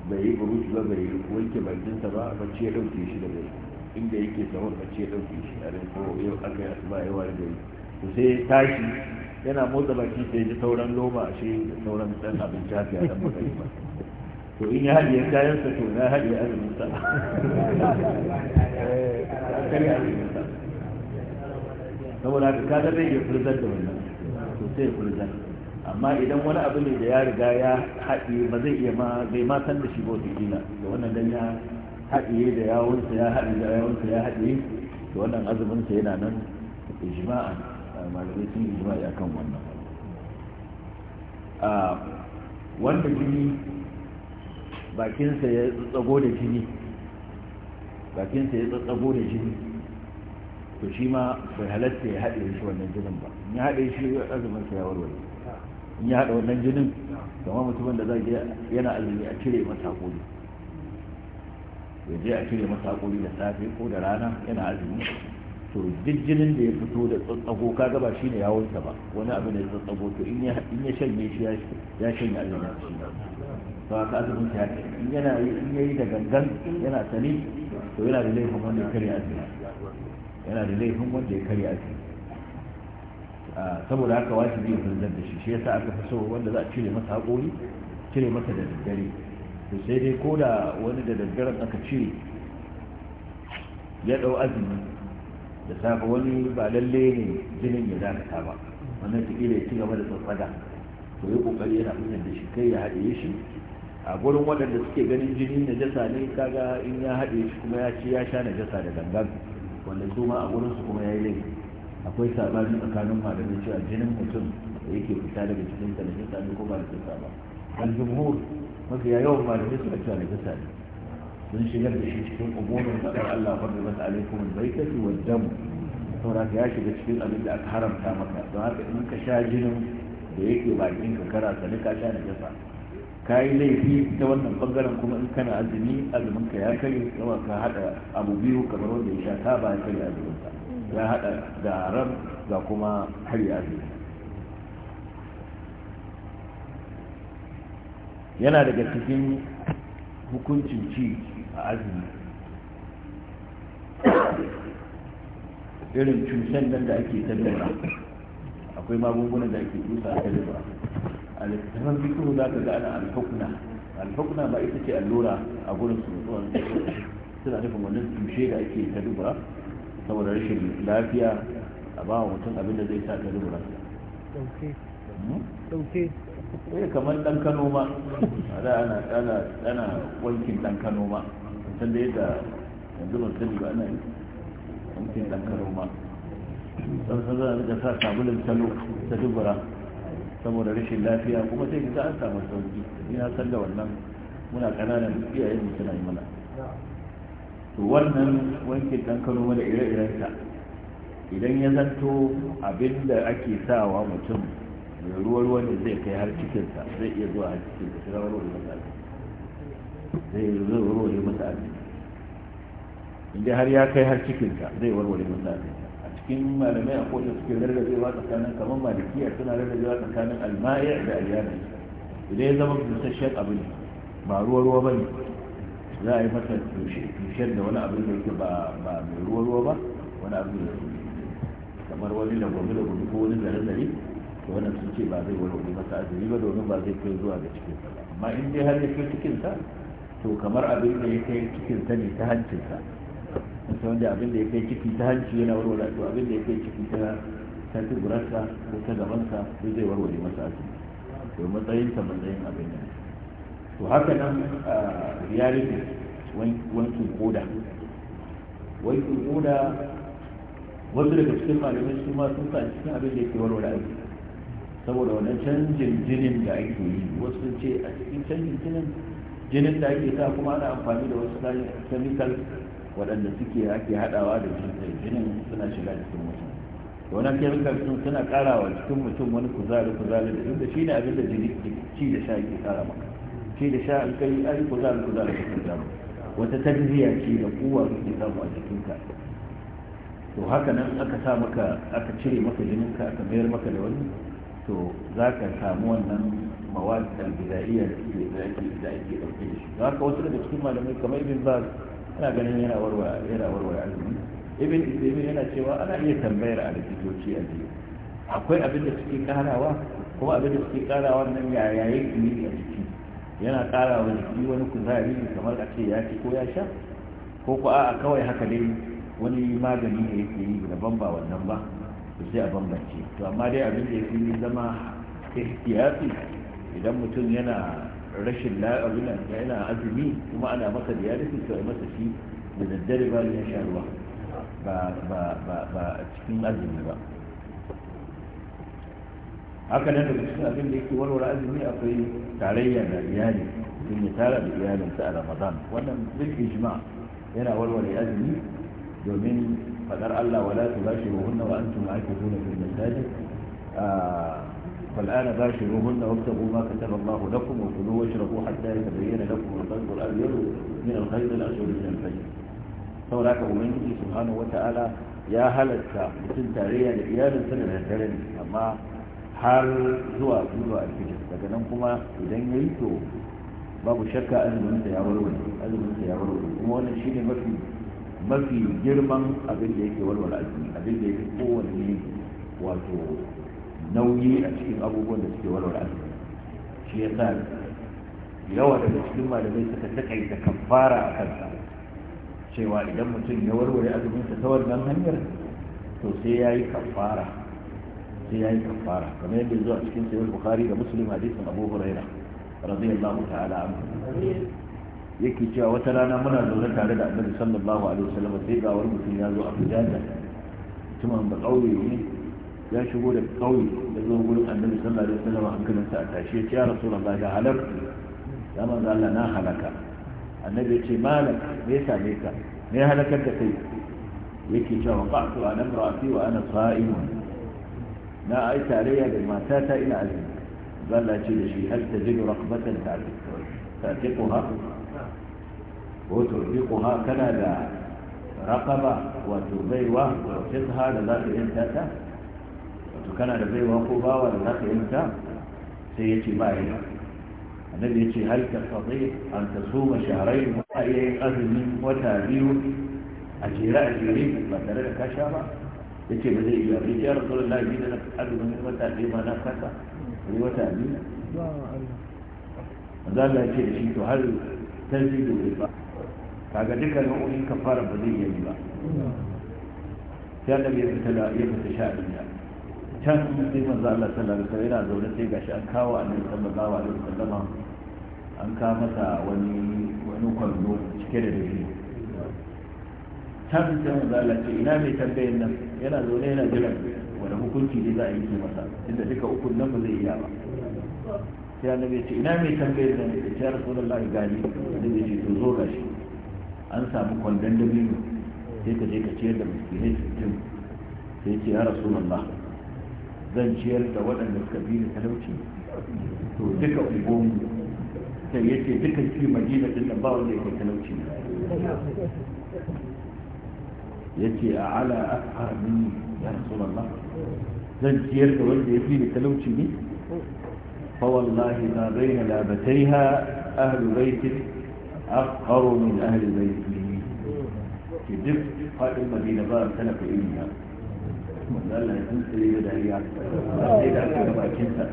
bai yi buruci ba bai wanke bakinsa ba bacci ya ɗauke shi da bai inda yake sahur bacci ya ɗauke shi a rin ko yau aka yi asuba ya wani gari to sai ya tashi yana motsa baki sai ji sauran loma shi da sauran ɗan abinci haka ya ɗan ba to in ya kayan sa to na azumin sa saboda haka ka zai ya furzar da wannan to sai ya furzar amma idan wani abu ne da ya riga ya haɗiye ba zai iya ma bai ma san da shi ba wata da wannan dan ya haɗiye da yawunsa ya haɗiye da yawunsa ya haɗiye da wannan azuminsa yana nan ijma'an malamai sun ijma'i akan wannan ah, wanda jini bakinsa ya tsago da jini bakinsa ya tsago da jini to shi ma bai halatta ya haɗe shi wannan jinin ba in ya haɗe shi azumin sa ya warware in ya haɗa wannan jinin kamar mutumin da zai yana azumi a cire masa hakuri ya je a cire masa hakuri da safe ko da rana yana azumi to duk jinin da ya fito da tsatsago gaba shi shine yawonsa ba wani abu ne tsatsago to in ya shanye shi ya shanye azumin shi to aka azumin ta yake in yana in yayi da gangan yana sani to yana da laifin wanda ya karya azumi yana da laifin wanda ya karya azumi saboda haka wajibi ya zanzar da shi shi yasa aka fi so wanda za a cire masa haƙori cire masa da daddare to sai dai ko da wani da daddaren aka cire ya ɗau azumi da safe wani ba lalle ne jinin ya dakata ba wannan ta ya ci gaba da tsatsada to yi kokari yana fitar da shi kai ya haɗe shi a gurin waɗanda suke ganin jini na jasa ne kaga in ya haɗe shi kuma ya ce ya sha na jasa da gangan wanda su ma a gurin su kuma ya yi laifi akwai saɓani tsakanin malamai cewa jinin mutum da yake fita daga cikin sa na jasa ne ko ba da jasa ba kan jumhur mafiya yawan malamai su cewa na jasa ne sun shigar da shi cikin umumin faɗar Allah farda masa alaikum albaikatu wa damu saboda ya shiga cikin abin da aka haramta maka don haka in ka sha jinin da yake bakin ka kara ka sha na jasa ka yi laifi ta wannan bangaren kuma in kana azumi azumin ka ya kai kuma ka hada abu biyu kamar wanda ya sha ta ba ya azumin ya hada da haram ga kuma ya azumi yana daga cikin hukuncin ci a azumi irin cusan nan da ake tattara akwai magungunan da ake tusa a ba. a littattafan za ka ga ana alhukna alhukna ba ita ce allura a gurin su suna nufin wannan tushe da ake ta dubura saboda rashin lafiya a ba mutum abin da zai sa ta dubura dauke hmm? eh kamar dan kano ma da ana ana ana wankin dan kano ma san da yanzu ba sani ba ana wankin dan kano ma san san da sa sabulin salo ta dubura saboda rashin lafiya kuma sai kisa an samu sauki ina san da wannan muna kananan iyaye mutum suna yi mana to wannan wanke dan kano ire-iren ta idan ya zanto abin da ake sawa mutum da ruwa ruwa zai kai har cikinsa zai iya zuwa har cikinsa sai rawar wani masa zai ruwa ruwa masa abin inda har ya kai har cikinsa zai warware masa abin cikin malamai a kowace suke rarrabewa tsakanin kamar malikiya suna rarrabewa tsakanin almayar da aliyana idan ya zama busasshen abu ne ba ruwa ruwa ba ne za a yi masa tushen da wani abin da yake ba mai ruwa ruwa ba wani abu da kamar wani lagwami lagwami ko wani zare zare da wannan sun ce ba zai wani masa azumi ba domin ba zai kai zuwa ga cikin amma in dai har ya kai cikinsa to kamar abin da ya kai cikinsa ne ta hancinsa ta wanda abin da ya kai ciki ta hanci yana warware to abin da ya kai ciki ta tafi tuburarsa ko ta gabansa ko zai warware masa azumi to ta matsayin abin nan to haka nan da wankin koda wankin koda wasu daga cikin malamai su ma sun sa cikin abin da ya ke warware aiki saboda wannan canjin jinin da ake yi wasu sun ce a cikin canjin jinin jinin da ake sa kuma ana amfani da wasu kayan chemical waɗanda suke ake haɗawa da jinin jinin suna shiga cikin mutum wannan kemikal sun suna ƙara wa cikin mutum wani kuzari kuzari da duk shi ne abin da jini ci da sha ke ƙara maka ci da sha an kai an kuzari kuzari da kan wata tarbiyya ce da kuwa suke samu a jikinka to haka nan aka sa maka aka cire maka jininka aka mayar maka da wani to za ka samu wannan mawad albidaiya da ake ɗauke da shi za ka wasu daga cikin malamai kamar ibn baz ana ganin yana warware yana warware azumi ibn ibn yana cewa ana iya tambayar a likitoci a jiya akwai abin da suke karawa kuma abin da suke karawa nan ya yayi ne a jiki yana karawa jiki wani kuzari kamar a ce ya ci ko ya sha ko ko a kawai haka dai wani magani ne yake yi daban ba wannan ba to sai a bambance to amma dai abin da yake zama ihtiyati idan mutum yana rashin la'abin yana azumi kuma ana masa dialysis to ai masa shi da daddare ba ya sha ruwa ba a cikin azumi ba haka nan daga cikin abin da yake warware azumi akwai tarayya da iyali sun yi tara da iyalinsa a ramadan wannan duk ijma yana warware azumi domin fadar allah wala su bashi wa hunna wa antum akifuna fil masajid فالآن باشروهن وابتغوا ما كتب الله لكم وكلوا واشربوا حتى يتبين لكم الخيط الأبيض من الخيط الأسود من الفجر saboda haka ubangiji subhanahu wata'ala ya halarta mutum tarayya da iyalinsa da daddare ne amma har zuwa zuwa alfijir daga nan kuma idan ya yi to babu shakka azuminsa ya warware azuminsa ya warware kuma wannan shine mafi girman abin da warware abin da kowanne wato nauyi a cikin abubuwan da suke walwala azumi shi ya sa yawa daga cikin malamai suka takaita kafara a kansa cewa idan mutum ya warware azuminsa ta wannan hanyar to sai ya yi kafara sai ya yi kafara kamar yadda zuwa cikin sayar bukari da muslim hadisin abu huraira radiyallahu ta'ala anhu yake cewa wata rana muna zaune tare da annabi sallallahu alaihi wasallam sai ga wani mutum ya zo a fujaja mutumin ba kauye ne ya shigo da kauye da zo gurin annabi sallallahu alaihi wasallam hankalin sa a tashi ya ce ya rasulullah ga halartu ya manzo Allah na halaka annabi ya ce malak me ya same ka me ya halakar da kai yake cewa waqa'tu ala imra'ati wa ana sa'imun na ai tarayya da matata ina azumi zalla ce da shi hal tajidu raqbatan ta'tiquha wa turbiquha kana da raqaba wa tubaiwa wa tizha da zaka yanta ta to kana da baiwa ko bawa da za ka yi mata sai ya ce ba yi annabi ya ce hal tafadi an ta soma shaharai ma iya yin azumin wata biyu a jere a jere ba tare da kasha ba ya ce ba zai iya ya ce ya rasu da biyu da azumin wata biyu ba na kasa ne wata biyu za ya ce da shi to har tanzido bai ba kaga duka nau'o'in kafara ba zai yi ba sai annabi ya fita sha biyu can sai manzo Allah sallallahu alaihi wasallam yana zaune sai gashi an kawo annabi sallallahu alaihi wasallam an kawo masa wani wani kwando cike da dabino can sai manzo Allah ce ina mai tambayar nan yana zaune yana jiran wani hukunci ne za a yi masa inda duka ukun nan ba zai iya ba sai annabi ce ina mai tambayin nan ya ce rasulullahi gani annabi ce to zo gashi an samu kwandon dabino sai ka je ka ciyar da miskinai sittin sai ce ya rasulullah zan ciyar da waɗanda suka bi da talauci to duka ubon sai ya ce duka fi madina din da ba wanda yake talauci ya ce a ala afhar min ya rasulullah zan ciyar da wanda ya fi da talauci ne fa wallahi ma baina labataiha ahlu baitin afqaru min ahli baitihi ki duk fadin madina ba talaka ilmiya Allah ya tsantsare da dariya sai da aka ga bakinsa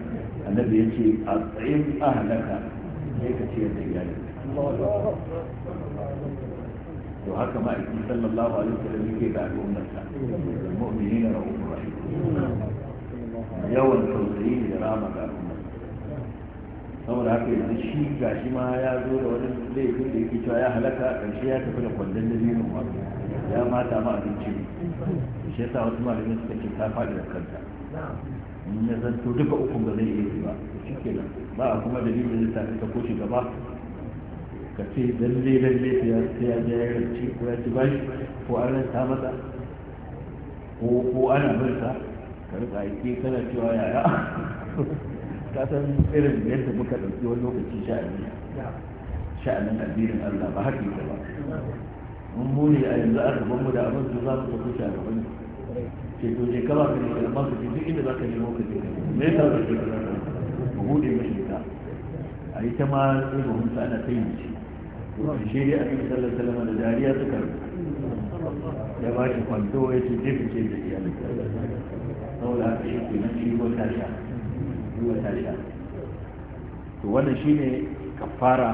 annabi ya a tsayin ahalaka sai ka ciyar da iyali to haka ma ma'aikin sallallahu alaihi wasallam yake ga al'ummarsa mu'minin rahimur rahim yawan tausayi da rama ga al'ummarsa saboda haka yanzu shi gashi ma ya zo da wani laifin da yake cewa ya halaka a ƙarshe ya tafi da kwandon da biyu ya mata ma abinci shi yasa wasu malamai suka ce ta faɗi da kanta in ya zanto duka uku ba zai iya ba shi nan ba a kuma dalilin da ta ta ko gaba ka ce lalle lalle ta ya ta ya ya rance ko ya ci bai ko an ta masa ko ko ana ta ka rika aiki kana cewa yaya ka san irin yadda muka ɗauki wani lokaci sha'ani sha'anin addinin Allah ba haƙƙi ba mun muni a yanzu a gaban da abin su za su tafi shi a gaban ke to je kama ka nemi amma ka je duk inda za ka nemo ka je me yasa ba ke kaza ka ku bude mashi ka a yi ta ma ba hunsa ana ta yi shi shi dai a kan sallar salama da dariya suka ya ba shi kwanto ya ce jefi ce da iyalin saboda haka yi ke nan shi wata sha wata sha to wannan shine kafara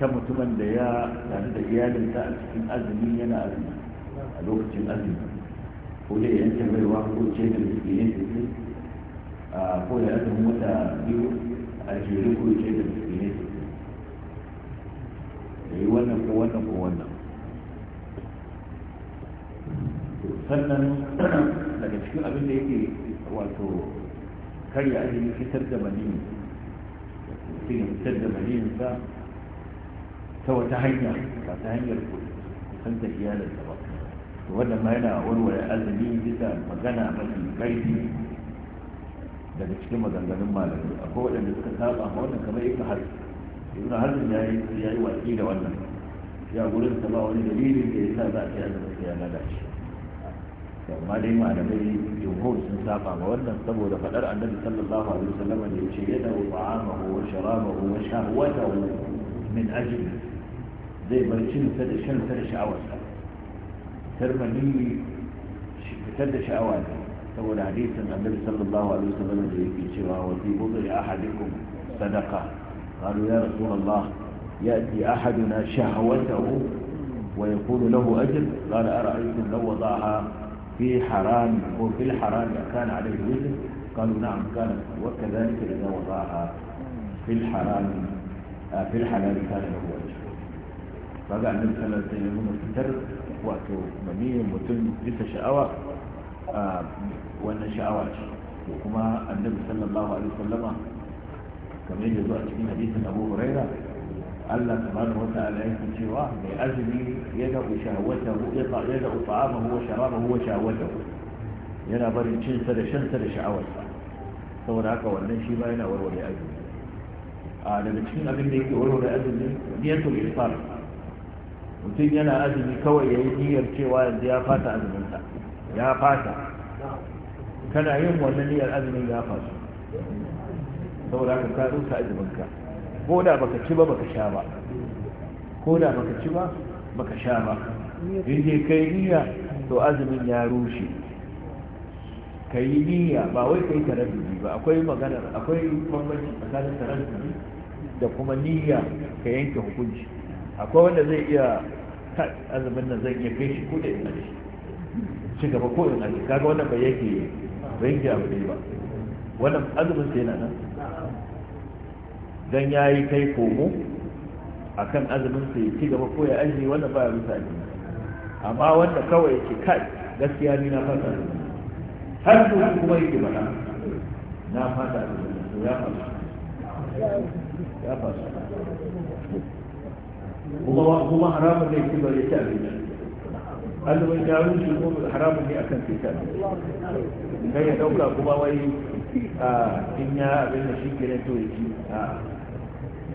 ta mutumin da ya sadu da iyalinsa a cikin azumi yana azumi a lokacin azumi ko dai yanke baiwa ko ce da miskinin su a ko ya rasa mota biyu a jere ko ce da miskinin su ya yi wannan ko wannan ko wannan sannan daga cikin abin da yake wato karya ainihin fitar da maniyin mutum ya fitar da sa ta wata hanya ba ta hanyar kusantar iyalinsa ba to wannan ma yana warware azumi bisa magana mafi karfi daga cikin maganganun malamai akwai waɗanda suka saba ma wannan kamar ibn har ibn har ya yi ya yi watsi da wannan ya gurin sa ba wani dalilin da ya sa za a ce azumi sai ya lalace amma dai malamai jumhur sun saba ma wannan saboda faɗar annabi sallallahu alaihi wasallam da ya ce yana wa ta'amahu wa sharabahu wa shahwatahu min ajli zai bar cin sa da shan sa da sha'awarsa ترمني تدش أواد تقول حديث النبي صلى الله عليه وسلم في شواء وفي بضع أحدكم صدقة قالوا يا رسول الله يأتي أحدنا شهوته ويقول له أجل قال أرأيتم لو وضعها في حرام أو في الحرام كان عليه وزن قالوا نعم كان وكذلك إذا وضعها في الحرام في الحلال كان له أجل فقال النبي صلى الله عليه وسلم wato maniyin mutum bisa sha'awa wannan sha'awa ce Ko kuma annabi sallallahu alaihi wasallama kamar yadda zuwa cikin hadisin abu huraira Allah subhanahu wa ta'ala yake cewa mai azumi ya da shahawatahu ya da ya da ta'amahu wa sharabahu wa shahawatahu yana barin cin sa da shan sa da sha'awarsa saboda haka wannan shi ba yana warware azumi a daga cikin abin da yake warware azumi niyatul iftar mutum yana azumi kawai ya yi niyyar cewa yanzu ya fata azuminsa ya fata kana yin wannan niyyar azumin ya fasu saboda ka ka rusa azuminka ko da baka ci ba baka sha ba ko da baka ci ba baka sha ba in dai kai niyya to azumin ya rushe ka yi niyya ba wai kai tarabbi ba akwai maganar akwai bambanci tsakanin tarabbi da kuma niyya ka yanke hukunci akwai wanda zai iya kat azumin nan zan iya kai shi ko da ina shi gaba ko in aji kaga wannan bai yake bai abu ne ba wannan azumin sai yana nan dan yayi kai komo akan azumin sai ci gaba ko ya aji wannan ba ya rusa azumin amma wanda kawai yake kai gaskiya ni na fata har su kuma yake bana na fata ya fata ya fata kuma kuma haramun ne ki bare ta abin alwai da ruwan shi ko haramun ne akan fita kai ya dauka kuma wai in ya abin da shi kenan to ya ci a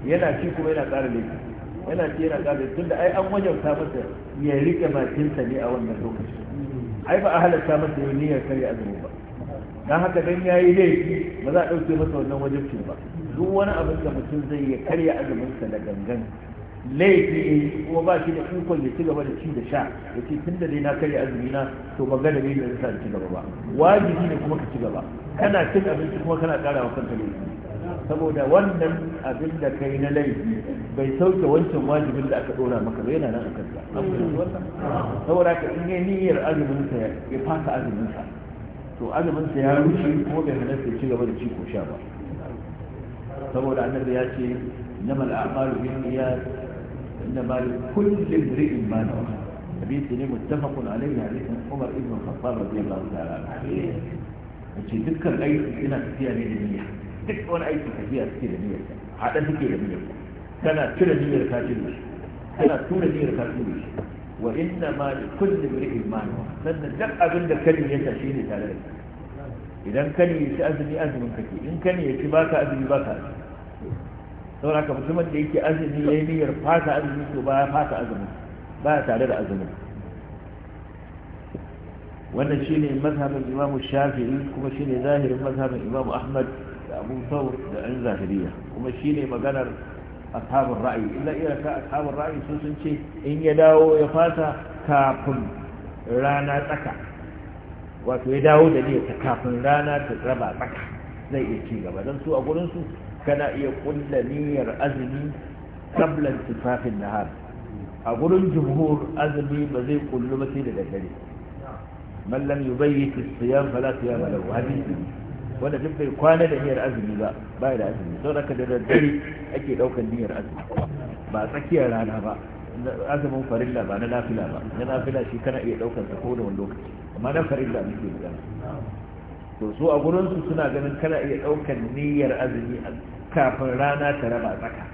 yana ci kuma yana ƙara laifi yana ci yana ƙara laifi tunda ai an wajabta masa ya bakinsa ne a wannan ai ba a halatta masa niyyar karya azumi ba haka dan ya yi laifi ba za a ɗauke masa wannan wajabcin ba duk wani abin da mutum zai ya karya azuminsa da gangan laifi kuma ba shi da ikon ya ci gaba da ci da sha ya ce tun da dai na karya azumi na to ban ga da bai da sa ci gaba ba wajibi ne kuma ka ci gaba kana cin abinci kuma kana ƙara wa kanka laifi saboda wannan abin da kai na laifi bai sauke wancan wajibin da aka dora maka ba yana nan a kanka saboda ka in yi niyyar azumin sa ya fasa azumin sa to azumin sa ya rushe kuma bai halatta ya ci gaba da ci ko sha ba saboda annabi ya ce namal a'malu bin niyyat إنما لكل امرئ ما نوى حديث لي متفق عليه حديث عمر بن الخطاب رضي الله تعالى عنه ce dukkan aiki ina tafiya ne da niyya duk wani aiki tafiya suke da niyyar haɗa suke da niyyar kana cire niyyar ka cire shi kana tura niyyar ka cire shi wa inna ma li kulli mri'in ma nawa sannan duk abin da kani ya tashi ne tare da idan kani ya ci azumi azumin in kani ya ci saboda ka mutumin da yake azumi ya yi niyyar fata azumi to ba ya fata azumi ba ya tare da azumi wannan shine mazhabin imam shafi'i kuma shine zahirin mazhabin imam ahmad da abu sau da an zahiriya kuma shine maganar ashabin ra'ayi illa iyaka ashabin ra'ayi sun sun ce in ya dawo ya fasa kafin rana tsaka wato ya dawo da niyyar kafin rana ta raba tsaka zai iya ci gaba don su a gurin su kana iya kulla niyyar azumi qabla intifafin nahar a gurin jumhur azumi ba zai kullu ba sai da daddare man lam yubayyit as-siyam fala siyam lahu hadisi wanda duk bai kwana da niyyar azumi ba ba da azumi saboda da daddare ake daukar niyyar azumi ba tsakiyar rana ba azumin farilla ba na nafila ba na nafila shi kana iya daukar sa ko da wani lokaci amma na farilla muke magana to su a gurin su suna ganin kana iya daukar niyyar azumi kafin rana ta raba tsaka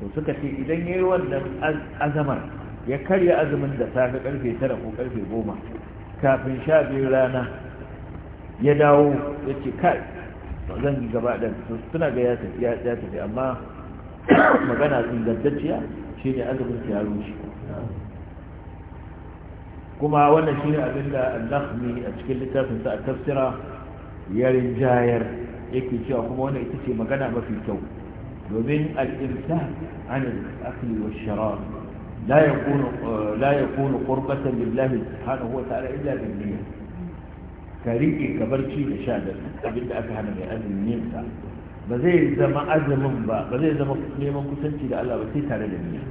to suka ce idan ya yi wannan azamar ya karya azumin da safe karfe tara ko karfe goma kafin sha biyu rana ya dawo ya ce kai zan yi gaba ɗan suna ga ya tafi amma magana ingantacciya shi ne azumin ya rushe kuma wannan shine ne abin da a cikin littafinsa a tafsira ya rinjayar yake cewa kuma wannan ita ce magana mafi kyau domin al'irta an al'akli wa sharar la ya kone ƙurbatan lillahi hana huwa ta'ala illa da niyya ka riƙe ka barci da sha da abinda aka hana mai azumin sa ba zai zama azumin ba ba zai zama neman kusanci da Allah ba sai tare da niyya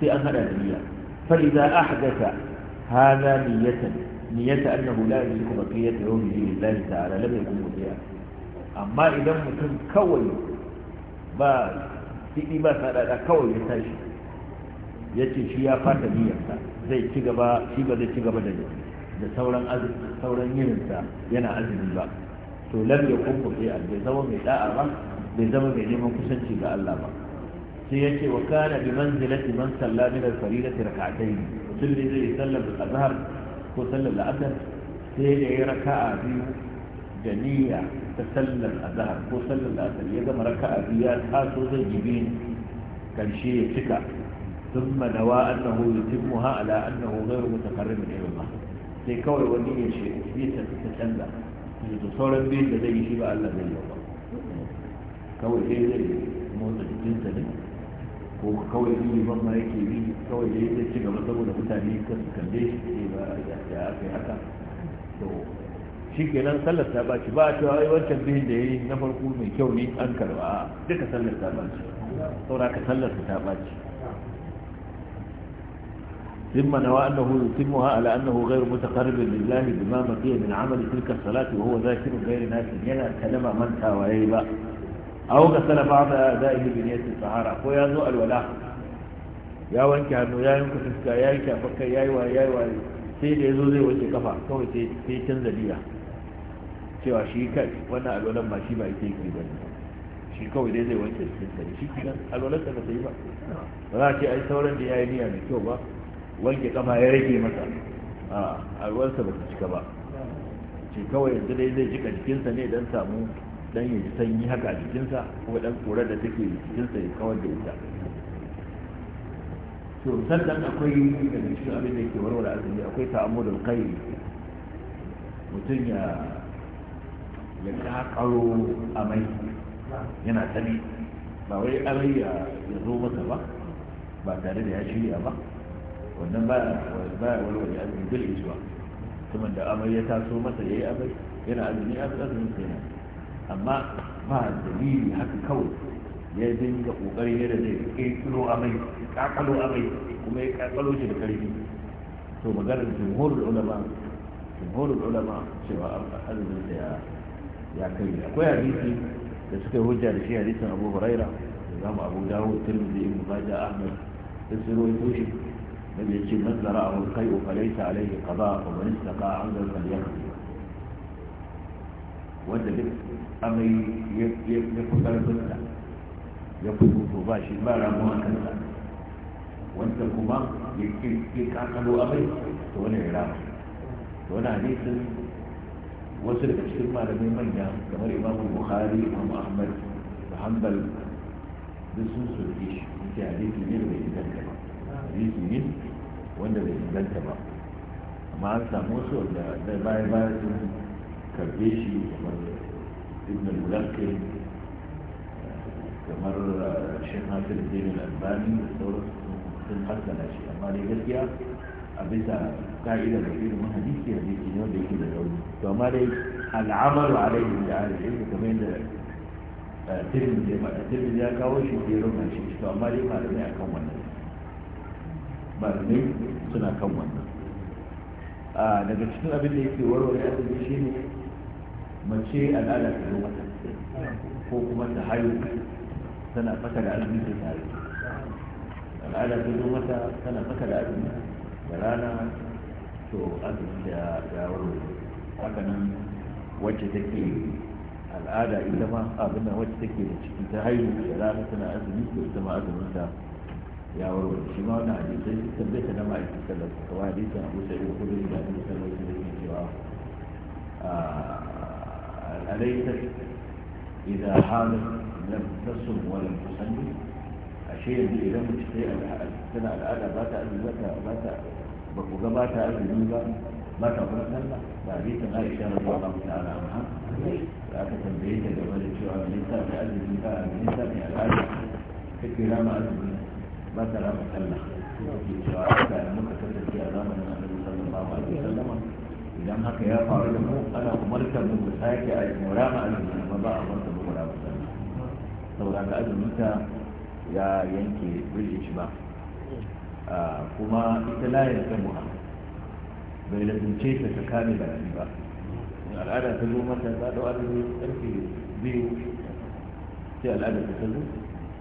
sai an hada da niyya fa idza ahdatha hadha niyyatan niyyata annahu la yusiku baqiyata yawmihi lillahi ta'ala lam yakun mutiya amma idan mutum kawai ba fiɗi ba sadada kawai ya tashi ya ce shi ya fata niyyarsa zai ci gaba shi ba zai ci gaba da da sauran sauran yininsa yana azumi ba to lam ya kuma sai bai zama mai da'a ba bai zama mai neman kusanci ga Allah ba sai ya ce wa kana bi manzilati man salla min al-faridati rak'atayn mutum ne zai sallar azhar ko sallar al-asr sai ya yi raka'a biyu da niyya ta sallar azhar ko sallar asar ya gama raka'a biya taso zai yi biyu karshe ya cika ثم نوى أنه يتمها على أنه غير متقرب إلى الله sai kawai wani ya ce bisa ta canza da sauran biyun da zai yi shi ba Allah zai yi ba kawai sai zai motsa jikinsa ne ko kawai yi ban ma yake bi kawai dai zai ci gaba saboda mutane kan su kalle shi ba ya aka yi haka to shi kenan sallar ta baci ba a cewa ai wancan bihin da ya yi na farko mai kyau ne an karba duka sallar ta baci saura ka sallar ta baci ثم نوى أنه يتمها على أنه غير متقرب لله بما مقيه من عمل تلك الصلاة وهو ذاكر غير ناس ينا كلمة من تاويبا أو غسل بعض أعدائه بنية الطهارة ويازو الولاء يا وانك هنو يا ينك فسكا يا يكا فكا يا يوى يا يوى سيد يزوزي وانت كفا كوي سيد سيد تنزلية cewa shi kai wannan alwalan ba shi ba yake yi ba shi kawai dai zai wanke cikin sani shi kidan alwalan da ba ta yi ba ba za a ce ai sauran da ya yi niyya mai kyau ba wanke kama ya rage masa a alwalansa ba ta cika ba shi kawai yanzu dai zai jika jikinsa ne dan samu dan ya ji sanyi haka a jikinsa ko dan kura da take jikinsa ya kawar da ita to sannan akwai daga cikin abin da ke warware azumi akwai ta'ammudul kai mutum ya ya kakaro amai yana tsari ba wai amai ya zo masa ba ba tare da ya shirya ba wannan ba ya walwale azumi bil ijma kuma da amai ya taso masa ya yi amai yana azumi azumin sai amma ba dalili haka kawai ya dinga kokari ne da zai kirkiro amai kakalo amai kuma ya kakalo shi da karfi to maganar jumhurul ulama jumhurul ulama cewa azumin da ya ya kai akwai hadisi da suka yi hujja da shi hadisin abu huraira da zamu abu dawo tirmidhi ibn majah ahmad da su rawaito shi nabi yace man zara'a wal qai'u falaysa alayhi qada wa man istaqa an falyakfi wanda duk amai ya fi karfin sa ya fi to ba shi ba ramuwa kansa wanda kuma ya kakalo amai to wani ya rama to wani hadisin wasu daga cikin malamai manya kamar imamu bukhari imam ahmad da hanbal duk sun soke shi ce hadisi ne bai inganta ba hadisi ne wanda bai inganta ba amma an samu su da baya baya sun karbe shi kamar ibn al-mulakki kamar shin hasir zainul albani da sauransu sun hassana shi amma dai gaskiya a bisa ka'ida da ilimin hadisi hadisi ne wanda yake da rauni to amma dai al'amalu alaihi da ahli ilmi kamar yadda eh, tirmidhi ma tirmidhi ya kawo shi ke rauna shi to amma dai malamai akan wannan malamai suna kan wannan ah, daga cikin abinda da yake warware azumi shine mace al'ada ta zo ko kuma ta hayo tana fata da azumi tare al'ada ta zo mata tana da azumi da rana to azumi da yawon haka nan wacce take al'ada ita ma abin da wacce take da cikin ta haihu da rana tana azumi ko ita ma azumin ta ya warware shi ma wani hadisai duk tabbata na ma'aikin sallar kawai hadisan abu sa'id kudu da abu sallar su da ke cewa alaikar إذا حالت لم تصم ولم تصلي الشيء الذي إذا مجتئ al'ada ba ta azumi ba ta ba ku gaba ta azumi ba ba ta kuma sallah ba zai ta aisha da ba mu ta ala amma da aka tambaye ta game da cewa me yasa mai azumi ta me yasa Ka al'ada kake ma azumi ba ta rama sallah ke cewa da muka tafi a zamanin annabi sallallahu alaihi wasallam idan haka ya faru da mu ana umartar mu sake a rama azumi amma ba a umartar mu rama sallah saboda ka ta ya yanke bridge ba kuma ita layar gamuwa bai lazumce ta ta kame shi ba al'ada ta zo mata ta ɗau azumi ƙarfe biyu sai al'ada ta ta zo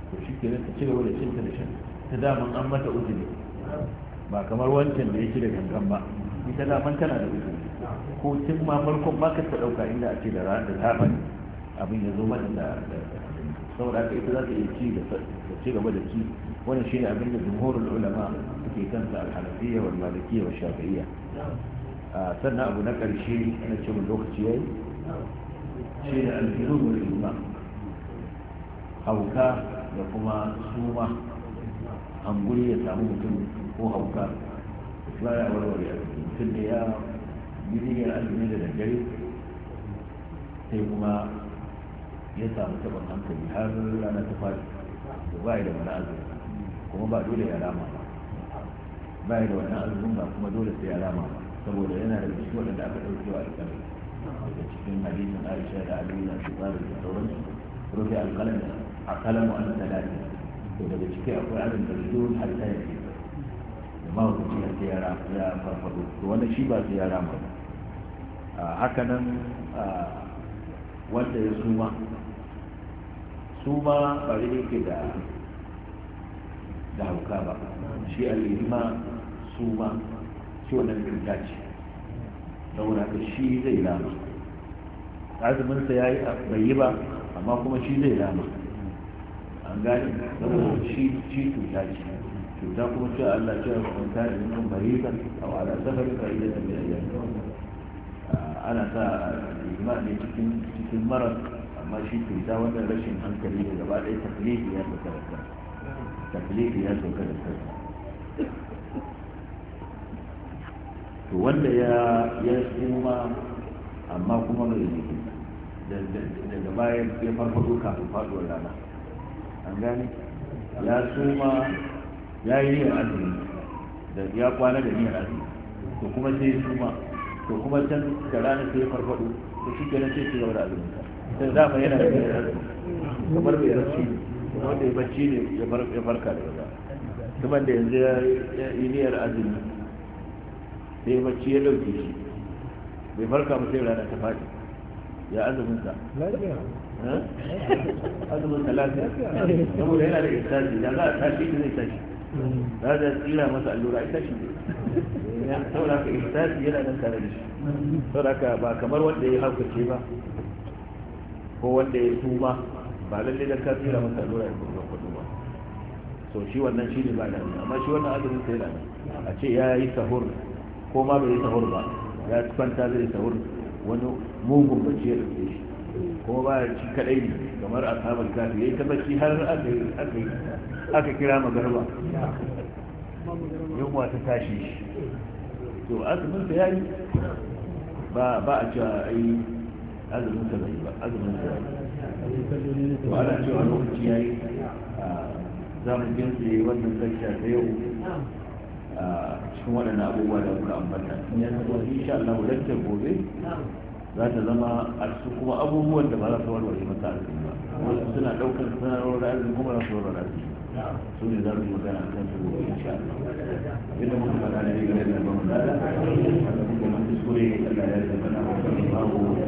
to shi ke ta ci gaba da cin ta da shan ta daman an mata uzuri ba kamar wancan da ya ci da gangan ba ita daman tana da uzuri ko tun ma farkon ba ka ta ɗauka inda a ce da ranar da ta bani abin ya zo mata da saboda haka ita za ta iya ci da ci gaba da ci wannan shine abin da jumhurul ulama suke kansa al-hanafiyya wal malikiyya wal shafi'iyya ah, sannan abu na karshe ana ce mun lokaci yayi shine al-julub wal ijma hauka da kuma suma an guri ya samu mutum ko hauka ba ya warware a mutum da ya bidiyar azumi da daddare sai kuma ya samu taɓin hankali har rana ta da ba ya da wani azumi kuma ba dole ya rama ba ba da wani azumin ba kuma dole sai ya rama ba saboda yana da cikin waɗanda aka ɗauki wa alƙalai daga cikin hadisin aisha da aliyu na su tsari da sauransu rufe alƙalai a kalamu an talatin to daga ciki akwai abin da zuwa hatta ya ke da mahukunci ya ce ya farfado to wannan shi ba su ya rama ba haka nan wanda ya suma suma ba da yake da da hauka ba shi ma su ma shi wannan kyauta ce saboda haka shi zai lama azuminsa ya yi bai yi ba amma kuma shi zai lama an gani saboda shi shi cuta ce cuta kuma ce Allah ce a kwanta da nufin bariza a wala ka bariza da mai ayyar ana sa ma ne cikin cikin marar amma shi cuta wannan rashin hankali da gaba ɗaya taklifi ya fi karanta taklifi ya sauka da kansa to wanda ya ya tsuma amma kuma mai jiki daga baya ya farfado kafin faduwar rana an gane ya tsuma ya yi niyyar azumi da ya kwana da niyyar azumi to kuma sai tsuma to kuma can da rana sai ya farfado to shi kenan sai ci gaba da azumin sa sai dama yana da niyyar azumi kamar bai rasu wanda ya bacci ne ya farka da yawa kuma da yanzu ya yi niyyar azumi sai ya bacci ya dauke shi bai farka ba sai rana ta fadi ya azumin sa azumin sa lafiya saboda yana da isaji da za a tashi ne zai tashi mm. za a tsira masa allura ita shi ne saboda ka isaji yana nan tare da shi saboda ka ba kamar wanda ya haukace ba ko wanda ya tuba ba lalle da ka tsira masa lura ya kuma kudu ba so shi wannan shi ne ba da amma shi wannan azumin sai da a ce ya yi sahur ko ma bai yi sahur ba ya kwanta zai sahur wani mugun bacci ya dauke shi kuma ba shi kadai ne kamar ashabar kafi yayi ta bacci har aka kira magarba yunwa ta tashi shi to azumin sa yayi ba ba a ce a yi azumin sa bai ba azumin sa yayi to ana cewa lokaci ya yi za mu jinsu wannan lakta ta yau cikin waɗannan abubuwa da kuka ambata ya zama insha Allah lakta gobe za ta zama a su kuma abubuwan da ba za su warware masa arziki ba wasu suna ɗaukar sanarwar arziki kuma za su warware arziki su ne za su magana a kan su gobe insha Allah inda muka faɗa da ne game da ba mu da da kuma kuskure Allah ya zama na wasu ne babu